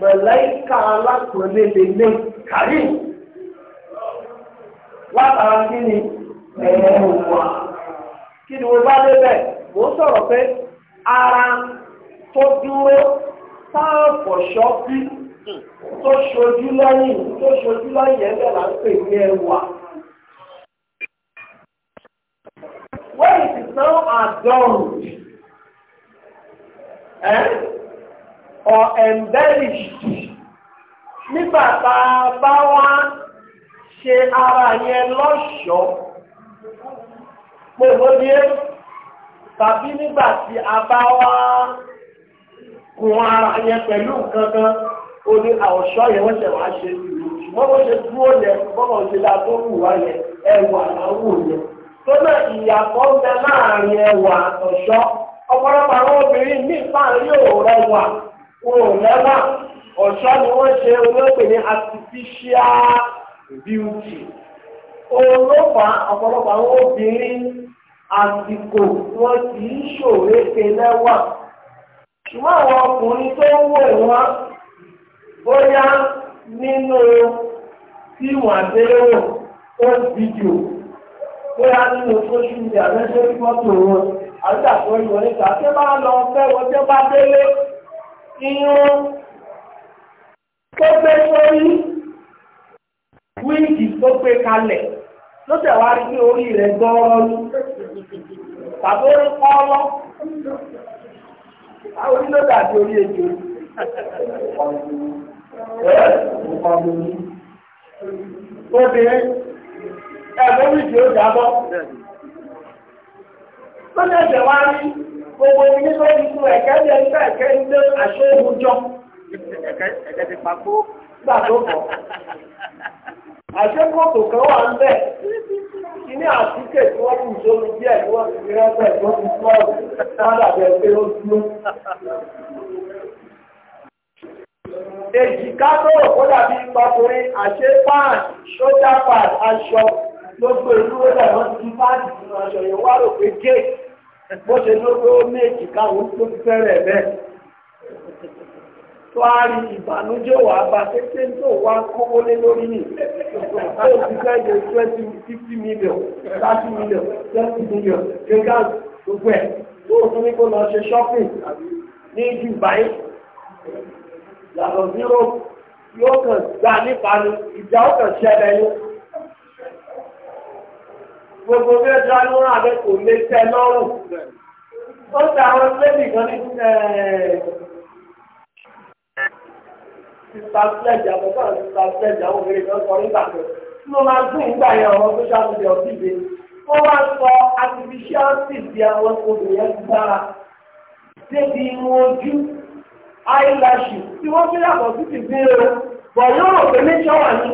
Speaker 1: màláìka alákùnrin lè lè kàrí. Látara kí ni ẹ̀rọ wà? kí ni mo bá débẹ̀ mo ń sọ̀rọ̀ pé ara tó dúró táàpọ̀ ṣọ́bí tó ṣojú lẹ́yìn tó ṣojú lẹ́yìn ẹgbẹ́ là ń pè ní ẹwà. When it is now adorned eh? or embellished nígbà tá a bá wá ṣe ara yẹn lọ́ṣọ̀ọ́. pé wọ́n ní tàbí nígbà tí a bá wá kun ara yẹn pẹ̀lú nǹkan kan ní àwọ̀ṣọ́ yẹn wọ́n ṣẹ̀ wá ṣe ṣùgbọ́n wọ́n ṣe dúró yẹn bọ́bọ̀ ṣe tó wù wá yẹn ẹwà àwù yẹn tó náà ìyàtọ̀ ń bẹ láàrin ẹwà àtọ̀ṣọ́ ọ̀pọ̀lọpọ̀ àwọn obìnrin ní ìpààrí yóò rẹwà wọn ò lẹ́wà ọ̀ṣọ́ ni wọ́n ṣe olóògbé ní artificial beauty olófà ọ̀pọ̀lọpọ̀ àwọn obìnrin àsìkò wọn kì í ṣòro ṣe lẹ́wà ṣùgbọ́n àwọn ọkùnrin tó ń wò wọ́n bóyá nínú fíìmù àgbéléwò ó fídíò bóyá nínú sóṣù mídíà lẹ́sẹ̀ rí mọ́tò wọn àti àpò ìwọ̀n níta tí bá lọ fẹ́ wọn tí bá délé irun tó gbé sórí wíìgì tó gbé kalẹ̀ ló tẹ̀ wá rí pé orí rẹ̀ gbọ́ọ́rọ́ ní tàbí orí pọ́ọ́lọ́ àwọn onílò dàbí orí ejò obìnrin ẹ̀gbọ́n méjì ó jábọ́ tó ní ẹ̀jẹ̀ wá rí gbogbo ní lórí ikú ẹ̀kẹ́ ní ẹ̀kẹ́ ilé àṣẹ ìhùjọ ẹ̀kẹ́ ti pàkó gbà tó bọ̀. àṣẹ kòtò kan wà ń bẹ̀ kíní àtúkè tí wọ́n kù sómi díẹ̀ tí wọ́n ti fi rẹ́pẹ̀ tí wọ́n ti fọ́ ọ̀hún sábà bẹ̀ pé ó dúró. èjìká tó rò kó dàbí ìpapòrin àṣẹ páàn sójà páàn aṣọ gbogbo ìlú ó dà wọ́n ti fi páàdì aṣọ yẹn wá rò pé géè bó ṣe ló pé méjì káwọn tó fẹ́rẹ̀ bẹ́ẹ̀ tó a rí ìbànújẹ́ wà bá kékeré tó wá kówó lé lórí ní tó ti fẹ́ 20, twenty fifty million thirty million twenty million gígán gbogbo ẹ̀ tó o tún shopping ní Dubai yàtọ̀ zero yóò kàn gbà nípa ni ìjà ó kàn ṣẹlẹ̀ yín gbogbo bí ọjọ́ alóra rẹ kò lè tẹ lọ́rùn ó ta àwọn lébì kan ní sísá flẹ́jì àbọ̀tán sísá flẹ́jì àwọn obìnrin kan sọ nígbà tó tí wọ́n máa gbé ìgbà yẹn àwọn social media ọ̀sìnbẹ wọ́n máa sọ artificial seed bí àwọn obìnrin ti dára débi irun ojú eyelashes tí wọ́n fi yàtọ̀ sí ti gbé o bọ̀ yóò rò pé nature wà ní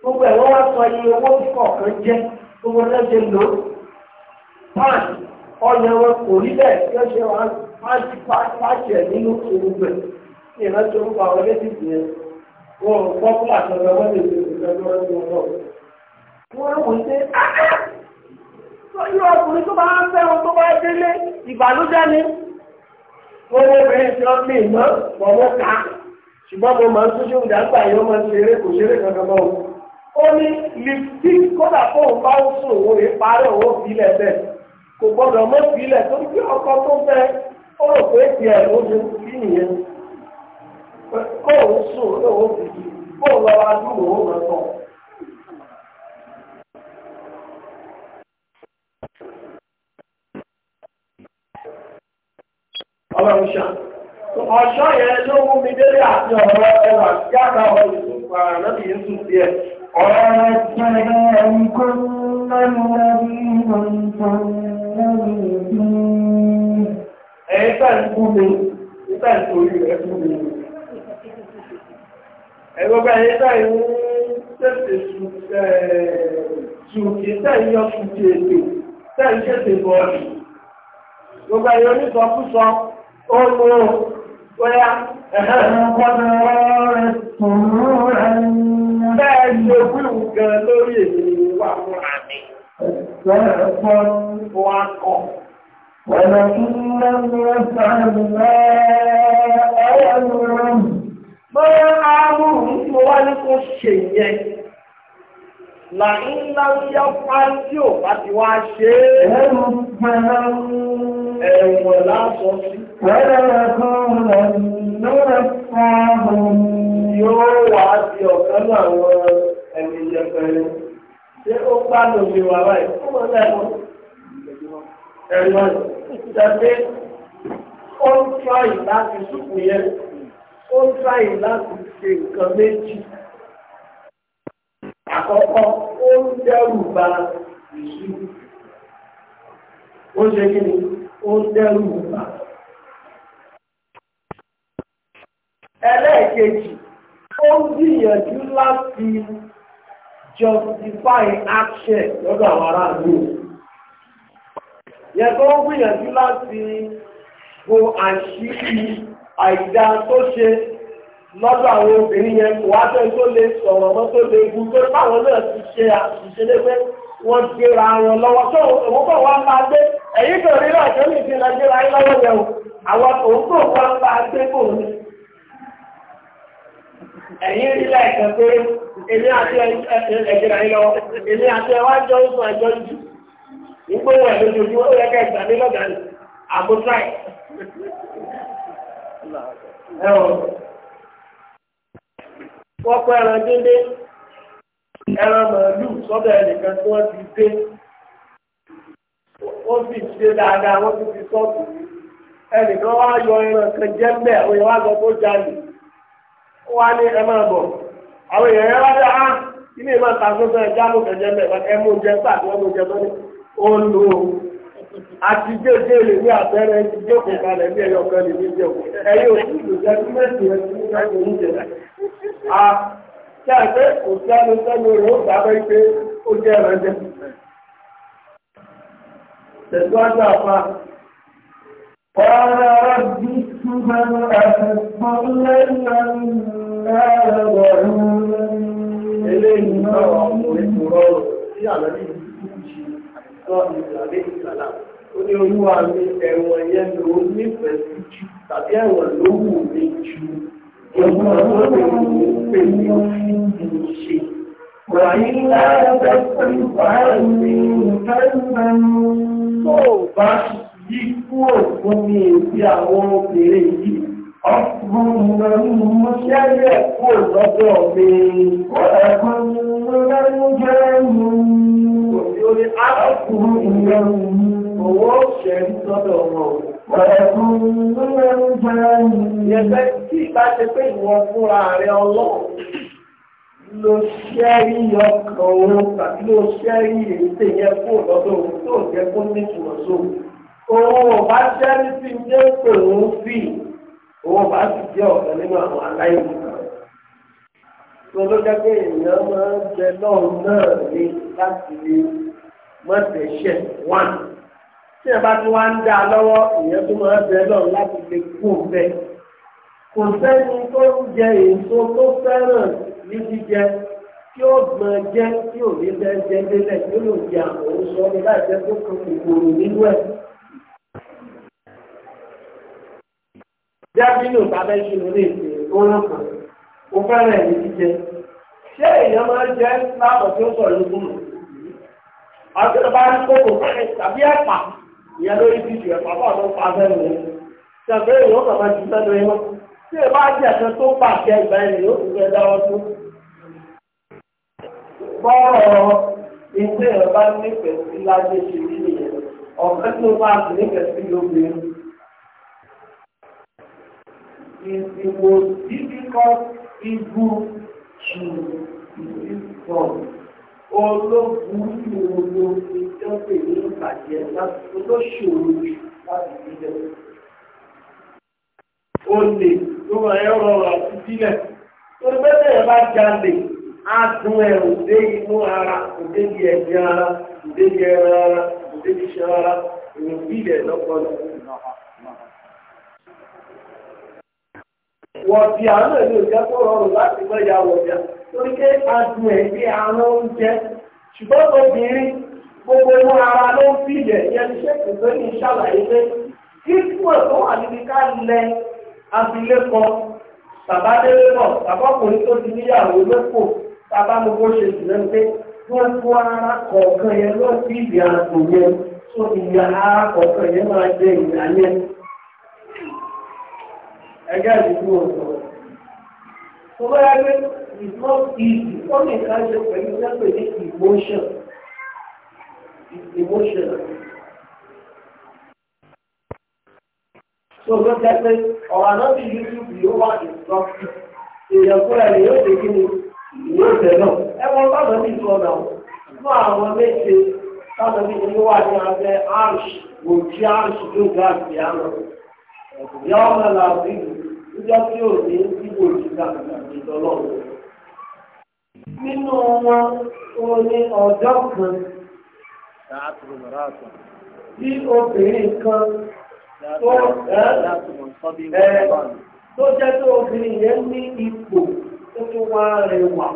Speaker 1: gbogbo ẹ̀ wọ́n wá sọ iye owó tí kọ̀ọ̀kan jẹ́ gbogbo ẹ̀ ṣe lò ó pan ọ̀yẹ̀wò kò rí bẹ́ẹ̀ tí ó ṣe wá pàṣẹ nínú gbogbo ẹ̀ ìrántí orúkọ àwọn ẹlẹ́sìtì yẹn wọn ò gbọ́ fún àtọ́jọ wọn lè fi ìgbẹ́jọ́ ẹni wọn lọ. wọ́n wò ṣe irú ọkùnrin tó bá ń fẹ́ wọn tó bá délé ìbàlújẹ́ ni wọ́n wọ́n bẹ̀rẹ̀ tí wọ́n mọ́ bọ̀wọ́ ká ṣùgbọ́n mo máa ń tún ṣéwùdà gbà yóò máa ń ṣeré kò ṣeré kankan mọ́ ó ní lipstick kódà fóun bá ń sùn òun rè parí òun fílẹ̀ bẹ́ẹ̀ kò gbọ́dọ̀ mọ́ fílẹ̀ tó ń bí ọkọ tó fẹ́ ó rò pé tiẹ̀ ló ṣe kí nìyẹn kóòwù sùn lóòwù tìjú kóòwù lọ́wọ́ adúlù òun lọ́tọ̀.
Speaker 2: ọlọ́run ṣá ọ̀ṣọ́ yẹn ló mú mi délé
Speaker 1: àti ọ̀rọ̀ ẹwà tí a kà ọ̀rọ̀ ìsúnpa lọ́bì yìí sùn sí ẹ̀. ọ̀rọ̀ ń kú mi ẹgbẹ́gbẹ́ ẹ̀yẹ́ táyì ń tẹ̀sẹ̀ ṣùkì táyì yọ ṣùkì ètò táyì ṣẹ̀ṣẹ̀ bọ́ọ̀lù gbogbo bẹ́ẹ̀ ṣe wíwù gan lórí èmi wà fún àmì lọ́rẹ̀ẹ́gbọ́n wa kọ̀. ولكن لم يفعل bóyá ámúrù mo wá ní kó ṣe yẹn làní ńlá ń yá parí tí ò bá ti wá ṣe é. ẹ̀rù pẹ̀lú ẹ̀wọ̀n lásọ sí. pẹ̀lú kan rẹ̀ lórí fáwọn yóò wá sí ọ̀kan náà àwọn ẹ̀mí yẹpẹrẹ. ṣé ó gbá lómi wà báyìí? ó mọ̀ lẹ́nu. ẹ̀rọ ìtẹ̀lé ó ń tọ́ ìlànà ìsúkù yẹn. ó sáyìn láti ṣe nǹkan méjì. Àkọ́kọ́, ó ń dẹ́rù ba ìṣú. Ó ṣe kí ni, ó ń dẹ́rù ba. Ẹlẹ́ẹ̀kejì, ó ń gbìyànjú láti justify action lọ́dọ̀ àwọn aráàlú. Yẹ kó ń gbìyànjú láti bo àṣírí àìdá tó ṣe lọ́dọ̀ àwọn obìnrin yẹn kò wá fẹ́ tó lè sọ̀rọ̀ mọ́ tó lè gun tó báwọn náà ti ṣe wọ́n gbéra wọn lọ́wọ́ tó òun kò wá máa gbé ẹ̀yìn tó rí náà tó lè fi náà gbéra yín lọ́wọ́ yẹn o àwọn òun kò wá máa gbé kò ní. ẹ̀yìn rí lẹ́ẹ̀kan pé èmi àti ẹ o ẹran dídé ẹran màálù sọ́dọ̀ ẹnìkan tí wọ́n ti dé wọ́n sì ṣe dáadáa wọ́n sì fi sọ́ọ̀tù ẹnìkan wá yọ ẹran kan jẹ́ mbẹ́ òye wá sọ tó jalè wọ́n á ní ẹ bọ̀ àwọn èèyàn yẹn wá dé á ilé ìmọ̀ ta sọ́sọ́ ẹ̀ mbẹ́ mú àti dédé lè ní àbẹ́rẹ́ ti jókòó kalẹ̀ ní ẹ̀yọ́ lè ní jókòó ẹ̀yọ́ òṣìṣẹ́ sẹ́tímẹ́tì rẹ̀ ti ní ẹ̀kọ́ oúnjẹ. a sí alẹ́sẹ́nu rẹ̀ ó gbàgbé pé ó jẹ́ ẹ̀rẹ́jẹ́ ó ní olúwa mi ẹ̀wọ̀n yẹn ló nífẹ̀ẹ́ sí jù tàbí ẹ̀wọ̀n ló wù mí jù ẹ̀wọ̀n tó lè wù ú pé ní oṣù mi ṣe.
Speaker 2: Wàyílá
Speaker 1: ẹgbẹ́ pẹ̀lú báyìí kẹ́lẹ́ tó bá yí kúrò fún mi èdè àwọn obìnrin yìí. Ọkùnrin ìrọ̀lú mú ṣẹ́yẹ̀ kúrò lọ́dọ̀ mi. Ọkùnrin ìrọ̀lú jẹ́ mi. Ọkùnrin ìrọ̀lú owó ṣẹ̀ ń sọ́dọ̀ wọn o. Ẹ̀kún ló ń jẹ́ ìyẹ̀fẹ́ tí ìbá ṣe pé ìwọ fúnra rẹ ọlọ́run ló ṣẹ́rí ọkàn òun tàbí ló ṣẹ́rí èyí yẹn fún ọ̀dọ́ òun tó jẹ́ kó ní ìtumọ̀ sóhun. Òun ò bá ṣẹ́rí sí ilé pé òun fì òun bá sì jẹ́ ọ̀kan nínú àwọn aláìní kan. Tó ló jẹ́ pé èèyàn máa ń jẹ lọ́run náà ní láti lè mọ̀tẹ́ṣẹ̀ wáǹtì tí ẹ bá ti wá ń dá a lọ́wọ́ ìyẹn tó máa bẹ lọ láti lè kú bẹ kò sẹ́ni tó ń jẹ èso tó fẹ́ràn ní jíjẹ tí ó gbọ́n jẹ tí ò ní fẹ́ jẹ délẹ̀ tí ó lò jẹ àwọn oṣù ní láì jẹ tó kan kòkòrò nínú ẹ̀. jábínú bàbá ìṣòro lè ṣe olóko ó fẹ́ràn ní jíjẹ ṣé èèyàn máa jẹ láàbọ̀ tí ó sọ̀rọ̀ lókùnrin àti ìbáraẹni kókò tàbí ẹ̀pà ìyẹn lórí ti jù ẹ̀fọ́ ló pa fẹ́ mi ṣàgbé ìwọ kàmá ti sẹ́nu ẹ̀wọ̀n tí ẹ bá jẹ́ ẹ̀sẹ̀ tó pàṣẹ ìgbà ẹ̀ yóò fi fẹ́ dáwọ́ tó. bọ́ọ̀rọ̀ ilé ẹ̀ bá nífẹ̀ẹ́ sí lájẹ́ ṣe ní ìyẹn ọ̀fẹ́ tó bá nífẹ̀ẹ́ sí lóbìnrin. is the most difficult evil to resist from. olóògùn ní owó ìjọba ní ìbàjẹ́ láti olóṣòro jù láti sílẹ̀. ó lè tó máa ń rọrùn àti sílẹ̀ tó bẹ́ẹ̀ bá jalè á dún dé inú ara kò débi ẹ̀gbẹ́ ara kò débi ara kò débi iṣan ara èèyàn bí ilẹ̀ torí pé adùn ẹ̀ pé àwọn oúnjẹ ṣùgbọ́n obìnrin gbogbo owó ara ló ń fi ilẹ̀ yẹn ṣe kò tó ní ṣàlàyé pé kí fún ẹ̀kọ́ lẹ abilékọ bàbá bàbá ọkùnrin tó ti níyàwó lóko bàbá ṣe lẹ́nu pé wọ́n ara kọ̀ọ̀kan yẹn ló fi àtò yẹn tó ara kọ̀ọ̀kan yẹn tó bá yá pé it's not easy ó ní ká ṣe pẹ̀lú lẹ́pẹ̀ ní emotion it's emotional. so ló jẹ́ pé ọ̀rọ̀ náà ti youtube yóò wá instructive èèyàn fúnra rẹ̀ yóò ṣe kí ni ìwé ìfẹ́ náà ẹ wọ́n bá lọ ní ìtọ́nà fún àwọn méje táwọn méje ló wà ní abẹ́ arch òjì arch ló ga àti àná yọ̀ọ́ mọ̀ làbí ìjọ tí ò ní wò ní kàkàkì lọ́wọ́. Nínú wọn, o ní ọjọ́ kan. Bí obìnrin kan tó ẹ́ tó jẹ́ tó obìnrin yẹn ní ipò tó tún wá rẹwà.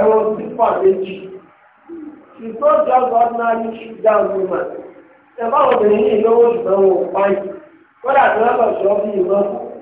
Speaker 1: Ẹ̀wọ̀n sípà méjì. Ṣùgbọ́n ìjọba náà ní ṣúgà woman. Ṣẹ̀fá obìnrin yìí lówó ṣùgbọ́n wọn ò báyìí. Kọ́dà tí wọ́n lọ sọ bí ìmọ̀ fún.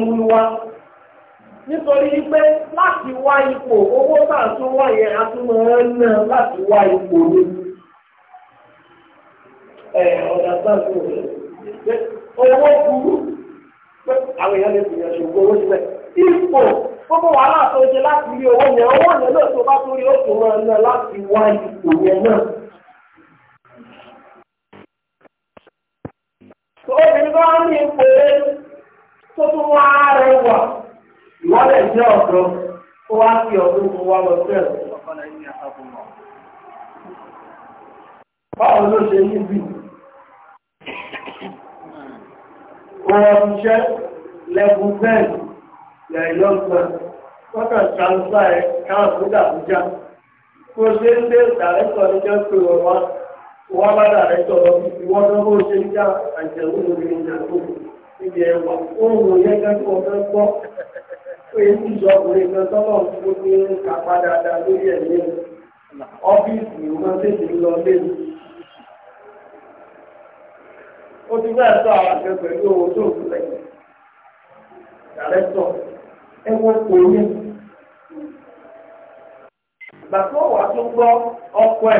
Speaker 1: ní wíwá nítorí pé láti wá ipò owó náà tún wá yẹn a tún máa ń ná láti wá ipò ní. ẹ ọ̀dà sáàtún rẹ̀ owó burú pé àwọn èèyàn lè owó ipò gbogbo ṣe láti rí owó yẹn owó yẹn náà tó bá tó rí láti wá ipò yẹn náà. obìnrin bá tó tún wá rẹ̀ wà ìwọ́lẹ̀ jẹ́ ọ̀dọ́ tó wá sí ọdún tó wá lọ Báwo ló ṣe bí? Wọ́n bẹ́ẹ̀ Kò ṣe ń dé pé wọ́n wá bá dàrẹ́tọ̀ wọ́n ṣe ń já àjẹ̀wò lórí ìjà tó kù. ilẹ̀ ẹ̀wà ohun yẹn kẹ́kọ̀ọ́ fẹ́ gbọ́ kan tọ́lọ̀ ń kó ní kápá dáadáa lórí ẹ̀mí ọ́fíìsì ló máa lọ léwu. ó ti bẹ́ẹ̀ sọ àwọn àgbẹ̀ pẹ̀lú owó tó ń lẹ̀ dàrẹ́tọ̀ kò ní. tó gbọ́ ọkọ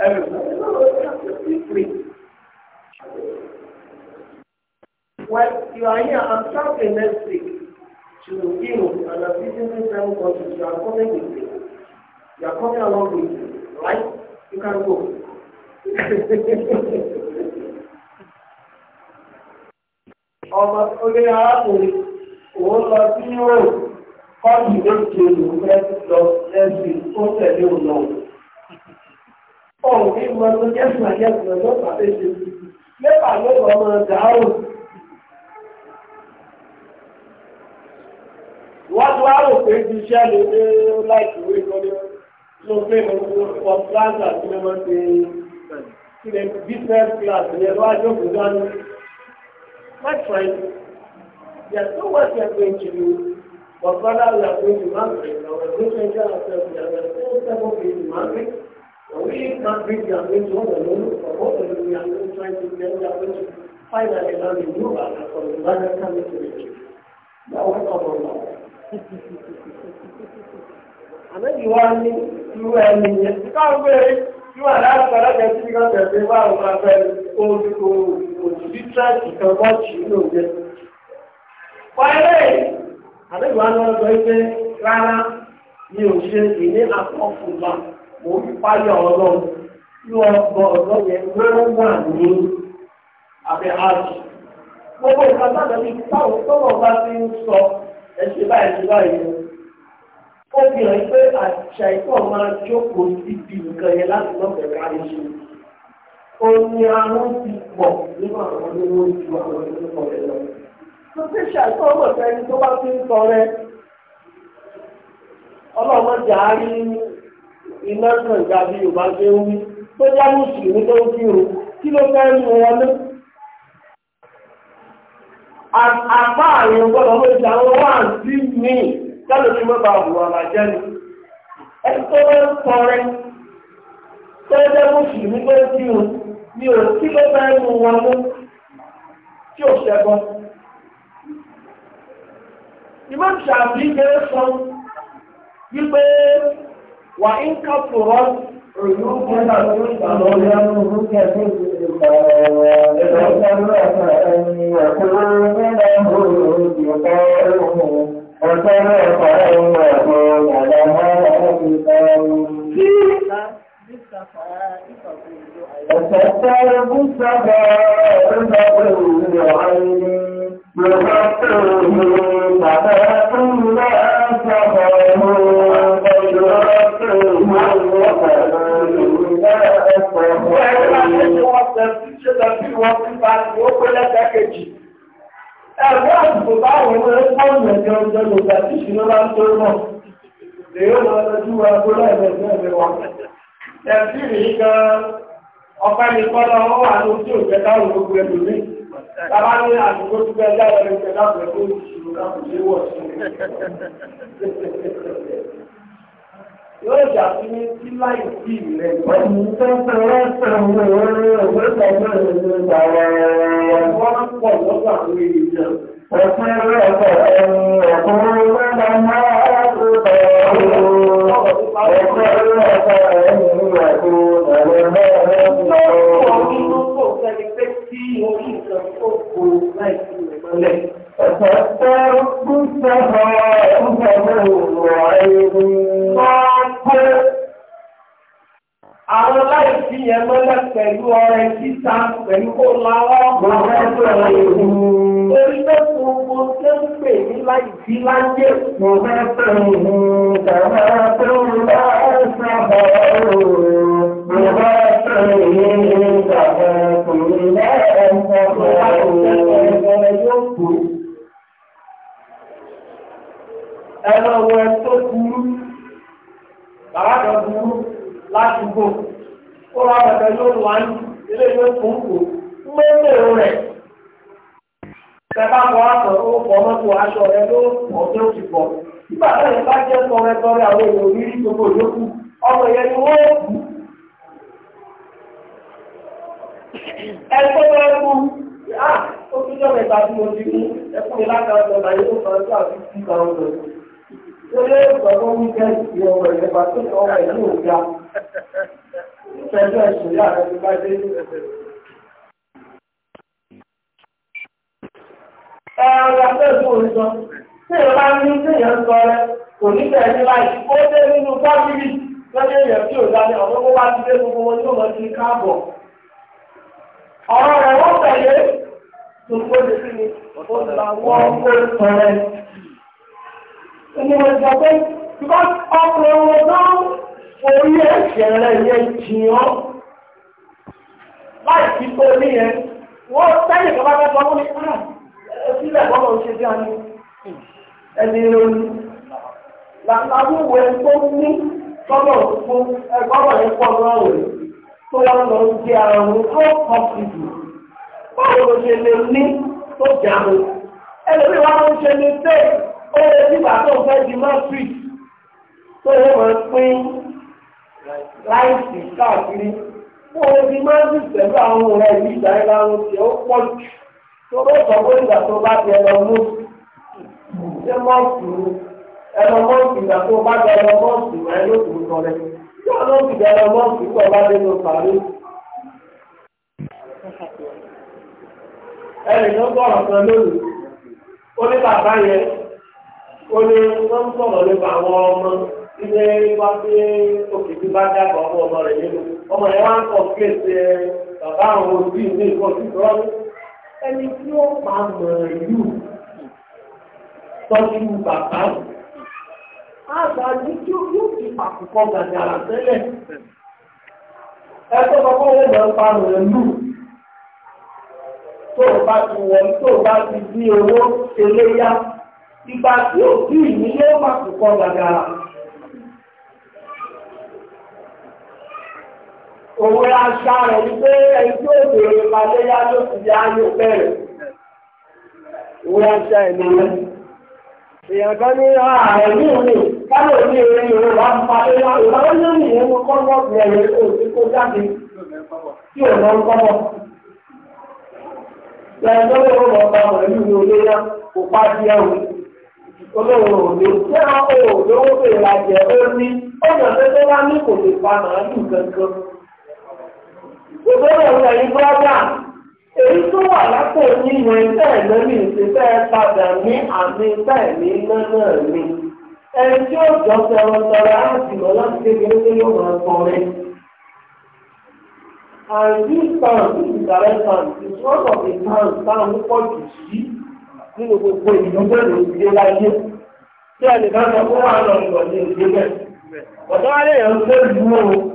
Speaker 1: Well, you are here. I'm traveling next week to Europe and I'm visiting seven countries. You are coming with me. You are coming along with me, right? You can go. <laughs> ọmọ orí arákùnrin òun lọ sí yúrò kọ́ọ̀tù lóṣèlú fẹ́ lọ lẹ́sìn tó tẹ̀lé òun náà ọ̀hún ní ìmọ̀ tó jẹ́sùn àjẹ́sùn lọ́pàá lè ṣe mẹ́fà lọ́pàá ọmọ dàárùn wọ́n tó wá rò pé ibi iṣẹ́ ló dé láìpẹ́ orí ìkọ́lé ló gbé ìmọ̀ plaza tí wọ́n máa ń pe ilẹ̀ business class yẹn lọ́wọ́ àjọkù dání my friend yẹ tó wọ́n ti ẹgbẹ́ ìjìnlẹ̀ but rather we are going to market now we are going to We can't read the language of the moon, or what are trying to get the language? Finally, now we knew about it, so <laughs> the language that. Àná ìwà ni irú ẹni yẹn. Káwọn pé irú àdáàbò alága tí wọ́n tẹ̀ pé wà ó máa fẹ́ olùkó òjìbí tíráàkì kan wọ́n jì í lò jẹ. Pàìlẹ́ àná ìwà ni wọ́n sọ pé rárá mi ò ṣe ìní àpọ̀ fún wa mo ń fáyà ọlọ́run tí ọgbọ́n ọlọ́run yẹn ló wà ní abẹ́ áàjì. gbogbo nǹkan sábà ní táwọn tọ́wọ́ bá ti ń sọ ẹ̀ṣẹ̀ báyìí ṣe báyìí ó fi hàn pé àṣà ìtọ́ máa jókòó síbi nǹkan yẹn láti lọ́fẹ̀ẹ́ kárí ṣe. ó ní àwọn ti pọ̀ nínú àwọn olówó ju àwọn olówó rẹ̀ lọ. tó ṣe ṣàìsàn ọmọ ìfẹ́ ẹni tó bá ti ń sọ rẹ ọlọ́mọdé àárín iná kan tàbí yorùbá ṣe ń wí tó já mùsùlùmí tó ń kírun kí ló fẹ́ mú wọn ní. àpá àrùn gbọ́dọ̀ ló ṣe àwọn wáǹtí míì kálọ̀ tí wọ́n bá wù ni. ẹni tó ń kọrin tó ni o kí ló fẹ́ mú wọn ní tí ò ṣẹ́gun. ìmọ̀ ìṣàbí gbé sọ wípé. wà ń kà tòrọ́ òyìnbó kan náà tó ń sàlọ́ lẹ́nu rúkẹ́ tó ń فالسلب السماء المقلوب عيني يفكره فتاة لا سماه Ẹgbẹ́ àtìkò táwọn ọmọ ẹgbẹ́ ọ̀nà ẹgbẹ́ ọjọ́ lògbà tí ṣùgbọ́n bá ń tó mọ̀. Lè yóò lọ lójú wa gbọ́lá ẹgbẹ́ ẹgbẹ́ wa. Ẹ̀fí rí gan ọ̀pẹ́ ní kọ́lá wọ́n wà ní ojú òjẹ́ táwọn gbogbo ẹgbẹ́ mi. Bàbá ní àdúgbò tó bẹ́ẹ̀ jáwọ́ ẹgbẹ́ lábẹ́ tó ṣùgbọ́n yóò jà sí ní sí láì sí rẹ̀. Ọ̀sùn tó ń tẹ wọ́n sàn ní orí òwe pẹ̀lú ìlú ìgbàlẹ̀. Wọ́n pọ̀ lọ́gbà lórí ìjọ. Ọ̀sùn ẹgbẹ́ ọ̀pọ̀ sọ tí èèyàn bá ní tí èèyàn sọ rẹ kò ní bẹ̀rẹ̀ ní báyìí ó dé nínú fábílì lọ́jọ́ èèyàn tí ò dání ọ̀dọ́ kó bá ti dé gbogbo wọn yóò mọ sí káàbọ̀ ọ̀rọ̀ rẹ̀ wọ́n tẹ̀lé gbogbo lè fi ni ó gbà wọ́n kó sọ rẹ. Ìmọ̀ ìgbà pé ọkùnrin wọn náà orí ẹ̀ṣẹ̀ rẹ̀ yẹn jìyàn láì fi tó ní yẹn wọ́n tẹ́lẹ̀ kọ́ bá fẹ́ sọ fún mi ah, sílẹ̀ bọ́lọ̀ ṣe bí a ní ẹni lórí làbúwò ẹ tó ní tọ́lọ̀ fún ẹgbọ́n ẹ pọ̀ tó wá lọ jẹ àrùn tó pọ̀ sí jù báwo ló ṣe lè ní tó jà mọ́ ẹlòmí wa ló ṣe lè tẹ́ ó lè nígbà tó fẹ́ di mọ́tírì tó yẹ mọ́ pín láìsí káàkiri ó lè di mọ́tírì pẹ̀lú àwọn ọ̀rẹ́ ìlú ìdáyẹ̀lá wọn ó pọ̀ jù. tọ́rọ o ìgbà tó bá di ẹlọ mú ṣé mọ́ọ̀sì ẹlọ mọ́ọ̀sì ìgbà tó bá di ẹlọ mọ́ọ̀sì rẹ ló kù yóò di ẹlọ mọ́ọ̀sì tó bá dé ló ẹnì tó sọ̀rọ̀ lónìí ó ní bàbá yẹn ó ní wọ́n ń sọ̀rọ̀ nípa àwọn ọmọ ilé wá sí òkè tí bá ọmọ ọmọ rẹ̀ ọmọ yẹn ẹni tí ó pa mọ̀ ìlú tọ́jú bàbá àgbàjú tí ó yóò fi pàkùkọ gàdàrà tẹ́lẹ̀ ẹgbẹ́ bàbá wọn lọ pa mọ̀ ìlú tó bá ti wọ̀ tó bá ti di owó ṣe léyà ìgbà tí òbí ìní yóò pàkùkọ gàdàrà. òwe aṣá rẹ̀ ní pé ẹni tí ó bèèrè pàdéyà ló ti di ayé bẹ̀rẹ̀. Òwe aṣá ẹ̀mí rẹ̀. Èèyàn kan ní ah, ààrẹ ní òní, káyọ̀ ní eré ìrọ̀ wá ń pàdéyà, ìrọ̀lẹ́ ní ìyẹn mú kọ́kọ́ bẹ̀rẹ̀ òsì kó jáde tí ò lọ ń kọ́kọ́. Ìyẹn tó lè wọ́n bá pẹ̀lú ìwé olé kò pa di òde, tí òde bèèrè àjẹ́ ìbéèrè rẹ̀ ní bọ́dà èyí tó wà lápò nínú ẹgbẹ́ ìlẹ́mì ìṣẹ́fẹ́ padà ní àmì táìmì lọ́nà mi ẹni tí ó jọ sọ̀rọ̀ sọ̀rọ̀ á lọ láti kékeré tó yóò máa kọrin. àìsí ìtàn ìdàrẹ́ kan ìṣòro ìtàn táwọn pọ̀ jù sí nínú gbogbo ìlú bẹ̀rẹ̀ òdìdé láyé tí ẹnìkan sọ fún wa lọ́nà ìgbọ̀n ní òdìdé ọ̀dọ́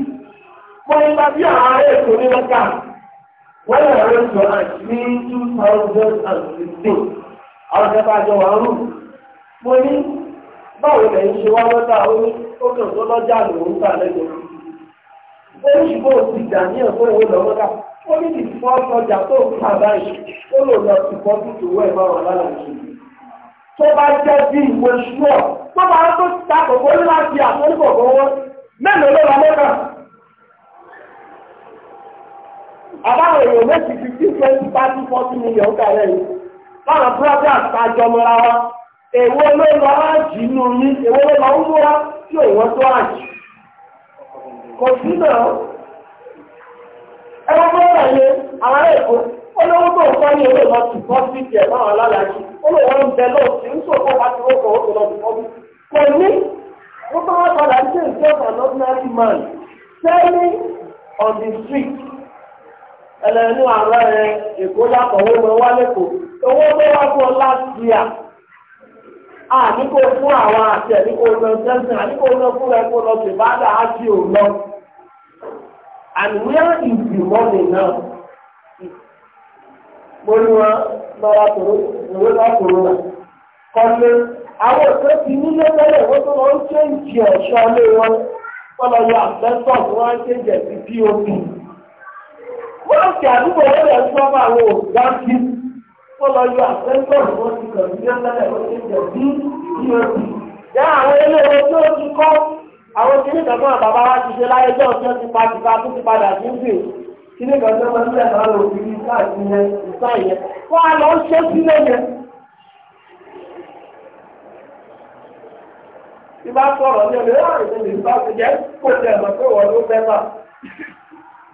Speaker 1: wọ́n nípa bí ààrẹ èkó ní lọ́kà wọ́n lè rẹ̀ sọ àti ní two thousand and fifteen àwọn ìjọba àjọ wà rù mo ní báwo lè ń ṣe wá lọ́tà ó kàn tó lọ́jà lòún tà lẹ́gbẹ̀ẹ́ oríṣi bó ti dà ní ẹ̀fọ́ ìwé lọ́wọ́dà ó ní ti fọ́ ọjà tó ń ta báyìí ó lò lọ sí fọ́tù tó wẹ̀ máa wà lálàjì tó bá jẹ́ bí ìwé ṣúọ̀ tó bá tó ta kòkó láti àtúnkọ̀kọ̀ wọn mélòó ló lọ́wọ́dà àbáwọn èèyàn méjì fifty twenty thirty forty million kàrẹ́ yìí wa èwo ló lọ ní èwo ló lọ ń múra tí tó àjì kò sí náà àwọn tó ń ní lọ sí bọ́sìtì ẹ̀ máa lálàájì olówó ń bẹ lọ sí ń bá ti rókò ẹlẹ́nu àwọn ẹ̀ èkó yàtọ̀ owó mọ owó tó wá fún ọ láti à kò fún àwọn àti ẹ̀ní kò lọ sẹ́sìn àní kò lọ fún ẹ lọ sí òun lọ. and where is mo ní wọn lọ́wọ́ ìwé kọ́lé àwọn òṣèré ti nílé tẹ́lẹ̀ wọ́n tó lọ ń ṣe ìjì lé wọn pop. wọ́n ti àdúgbò lọ́dọ̀ ẹ̀kọ́ máa wo dáńtì tó lọ yọ àfẹ́gbọ́ ìwọ́n ti kàn sí ẹgbẹ́lẹ̀ ó ti jẹ̀ bí eop yá àwọn eléwo tí ó ti kọ́ àwọn kìnnì kan náà bàbá wa ti ṣe láyé jẹ́ ọ̀sẹ̀ ti pa tìpa tó ti padà sí ìgbè kìnnì kan tó máa ń tẹ̀ náà lò sí káàkiri yẹn ìsá yẹn kó a lọ ṣe sílé yẹn. ìbá sọ̀rọ̀ ní ọ̀lẹ́ láàrin ìbá ti jẹ́ kó tẹ̀ mọ̀ pé wọ́n ló fẹ́ bá.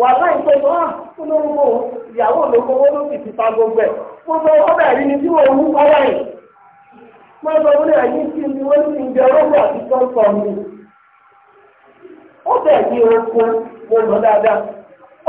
Speaker 1: wà láìpẹ́ tó hàn fún ìyàwó olókòwò ló sì ta gbogbo ẹ̀ gbogbo ọwọ́ tí wọ́n mú ọwọ́ ẹ̀ wọ́n tí wọ́n ti ń jẹ àti sọ́ńsọ̀ mi ó bẹ̀ ní oko mo lọ dáadáa ó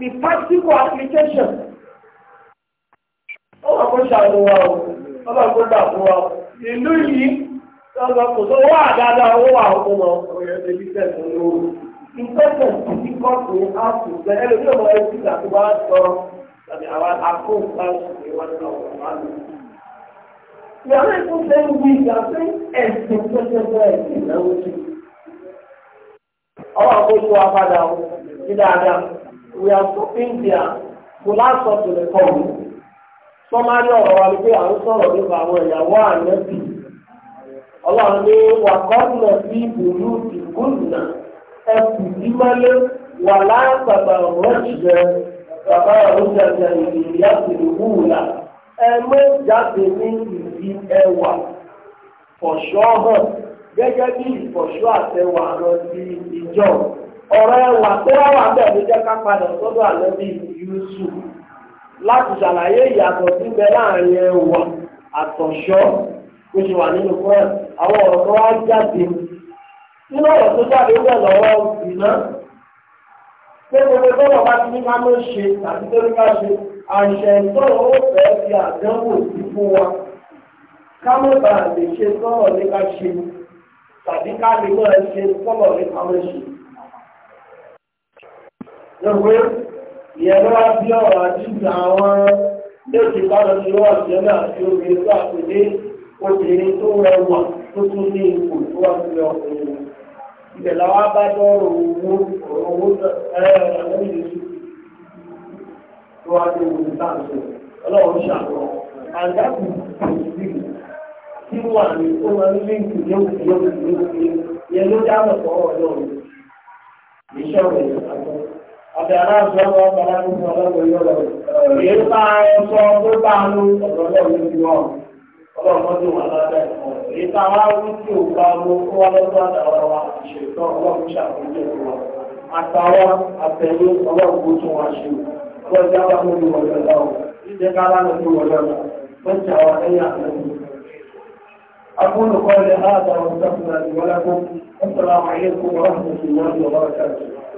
Speaker 1: the practical application ó wà kó ṣàlùwà o ọba kó dàbúwà o ìlú yìí ọba kò tó wà dáadáa ó wà ó lọ ọyọ ẹbí tẹsán lóru ìtẹsán ti kọ́ pé a kò gbẹ ẹlòmí ọmọ ẹbí tàbí wà á sọ tàbí àwọn akóńtà ìwà náà wà á lò. We are not even saying we are saying ẹ̀sìn pẹ́pẹ́pẹ́ ẹ̀sìn náà ó ti. Ọwọ́ àkóso apadà ó ti dáadáa. we are stopping there to last up to the come. sọmárì ọ̀rọ̀ wa ni pé à ń sọ̀rọ̀ nípa àwọn ìyàwó ànẹ́bì ọlọ́run ní sí ìlú wà bàbá ìlú wùlà ẹ ní ìdí ẹwà fọ̀ṣọ́ hàn gẹ́gẹ́ ọ̀rọ̀ ẹwà tó wá wà bẹ́ẹ̀ ló jẹ́ ká padà sọ́dọ̀ àlẹ́bí Yusuf láti ṣàlàyé ìyàtọ̀ síbẹ̀ láàrin ẹwà àtọ̀ṣọ́ tó ṣe wà nínú fúnẹ̀ àwọn ọ̀rọ̀ tó wá jáde nínú ọ̀rọ̀ tó jáde ó bẹ̀ lọ́wọ́ ìná pé gbogbo tó wọ́n bá ti ní ká ló ṣe tàbí tó ní ká ṣe àṣẹ ìtọ́rọ̀ ó fẹ́ fi àdánwò sí fún wa ká mọ̀ bá lè ṣe tọ́rọ̀ ní ká ṣe tàbí ká lè mọ̀ ṣe tọ́rọ̀ ní ká mọ̀ ṣe. lọ́wọ́ ìyẹ̀lọ́wà bí ọ̀rọ̀ àjíjì àwọn lẹ́jì bára ní wọ́n àjẹ́lẹ̀ àti obìnrin tó àpèlé obìnrin tó rẹwà tó tún ní ipò tó wà ní ọkùnrin ibẹ̀ làwọn bá dọ́rọ̀ owó owó ẹ̀rọ tó wá fi yóò Àti aláàzọ́wọ́ ọ̀pọ̀lá ní ọlọ́run yóò lọ. Èyí bá sọ tó bá ló ọ̀pọ̀lọ́run ní wọn. Ọlọ́run tó wà lábẹ́ ẹ̀kọ́. Èyí bá wá wú tí ò bá ló ó wá lọ́dọ̀ àtàwọn wa ṣètò ọlọ́run ṣàkóso wọn. Àtàwọn àtẹ̀lé ọlọ́run kó tún wá ṣe. Ọlọ́run jábá mú mi wọlé ọlọ́run. Ìjẹ kára ló mú wọlé ọlọ́run. Mẹ́ta wa أقول قولي هذا واستغفر لي ولكم السلام عليكم ورحمة الله وبركاته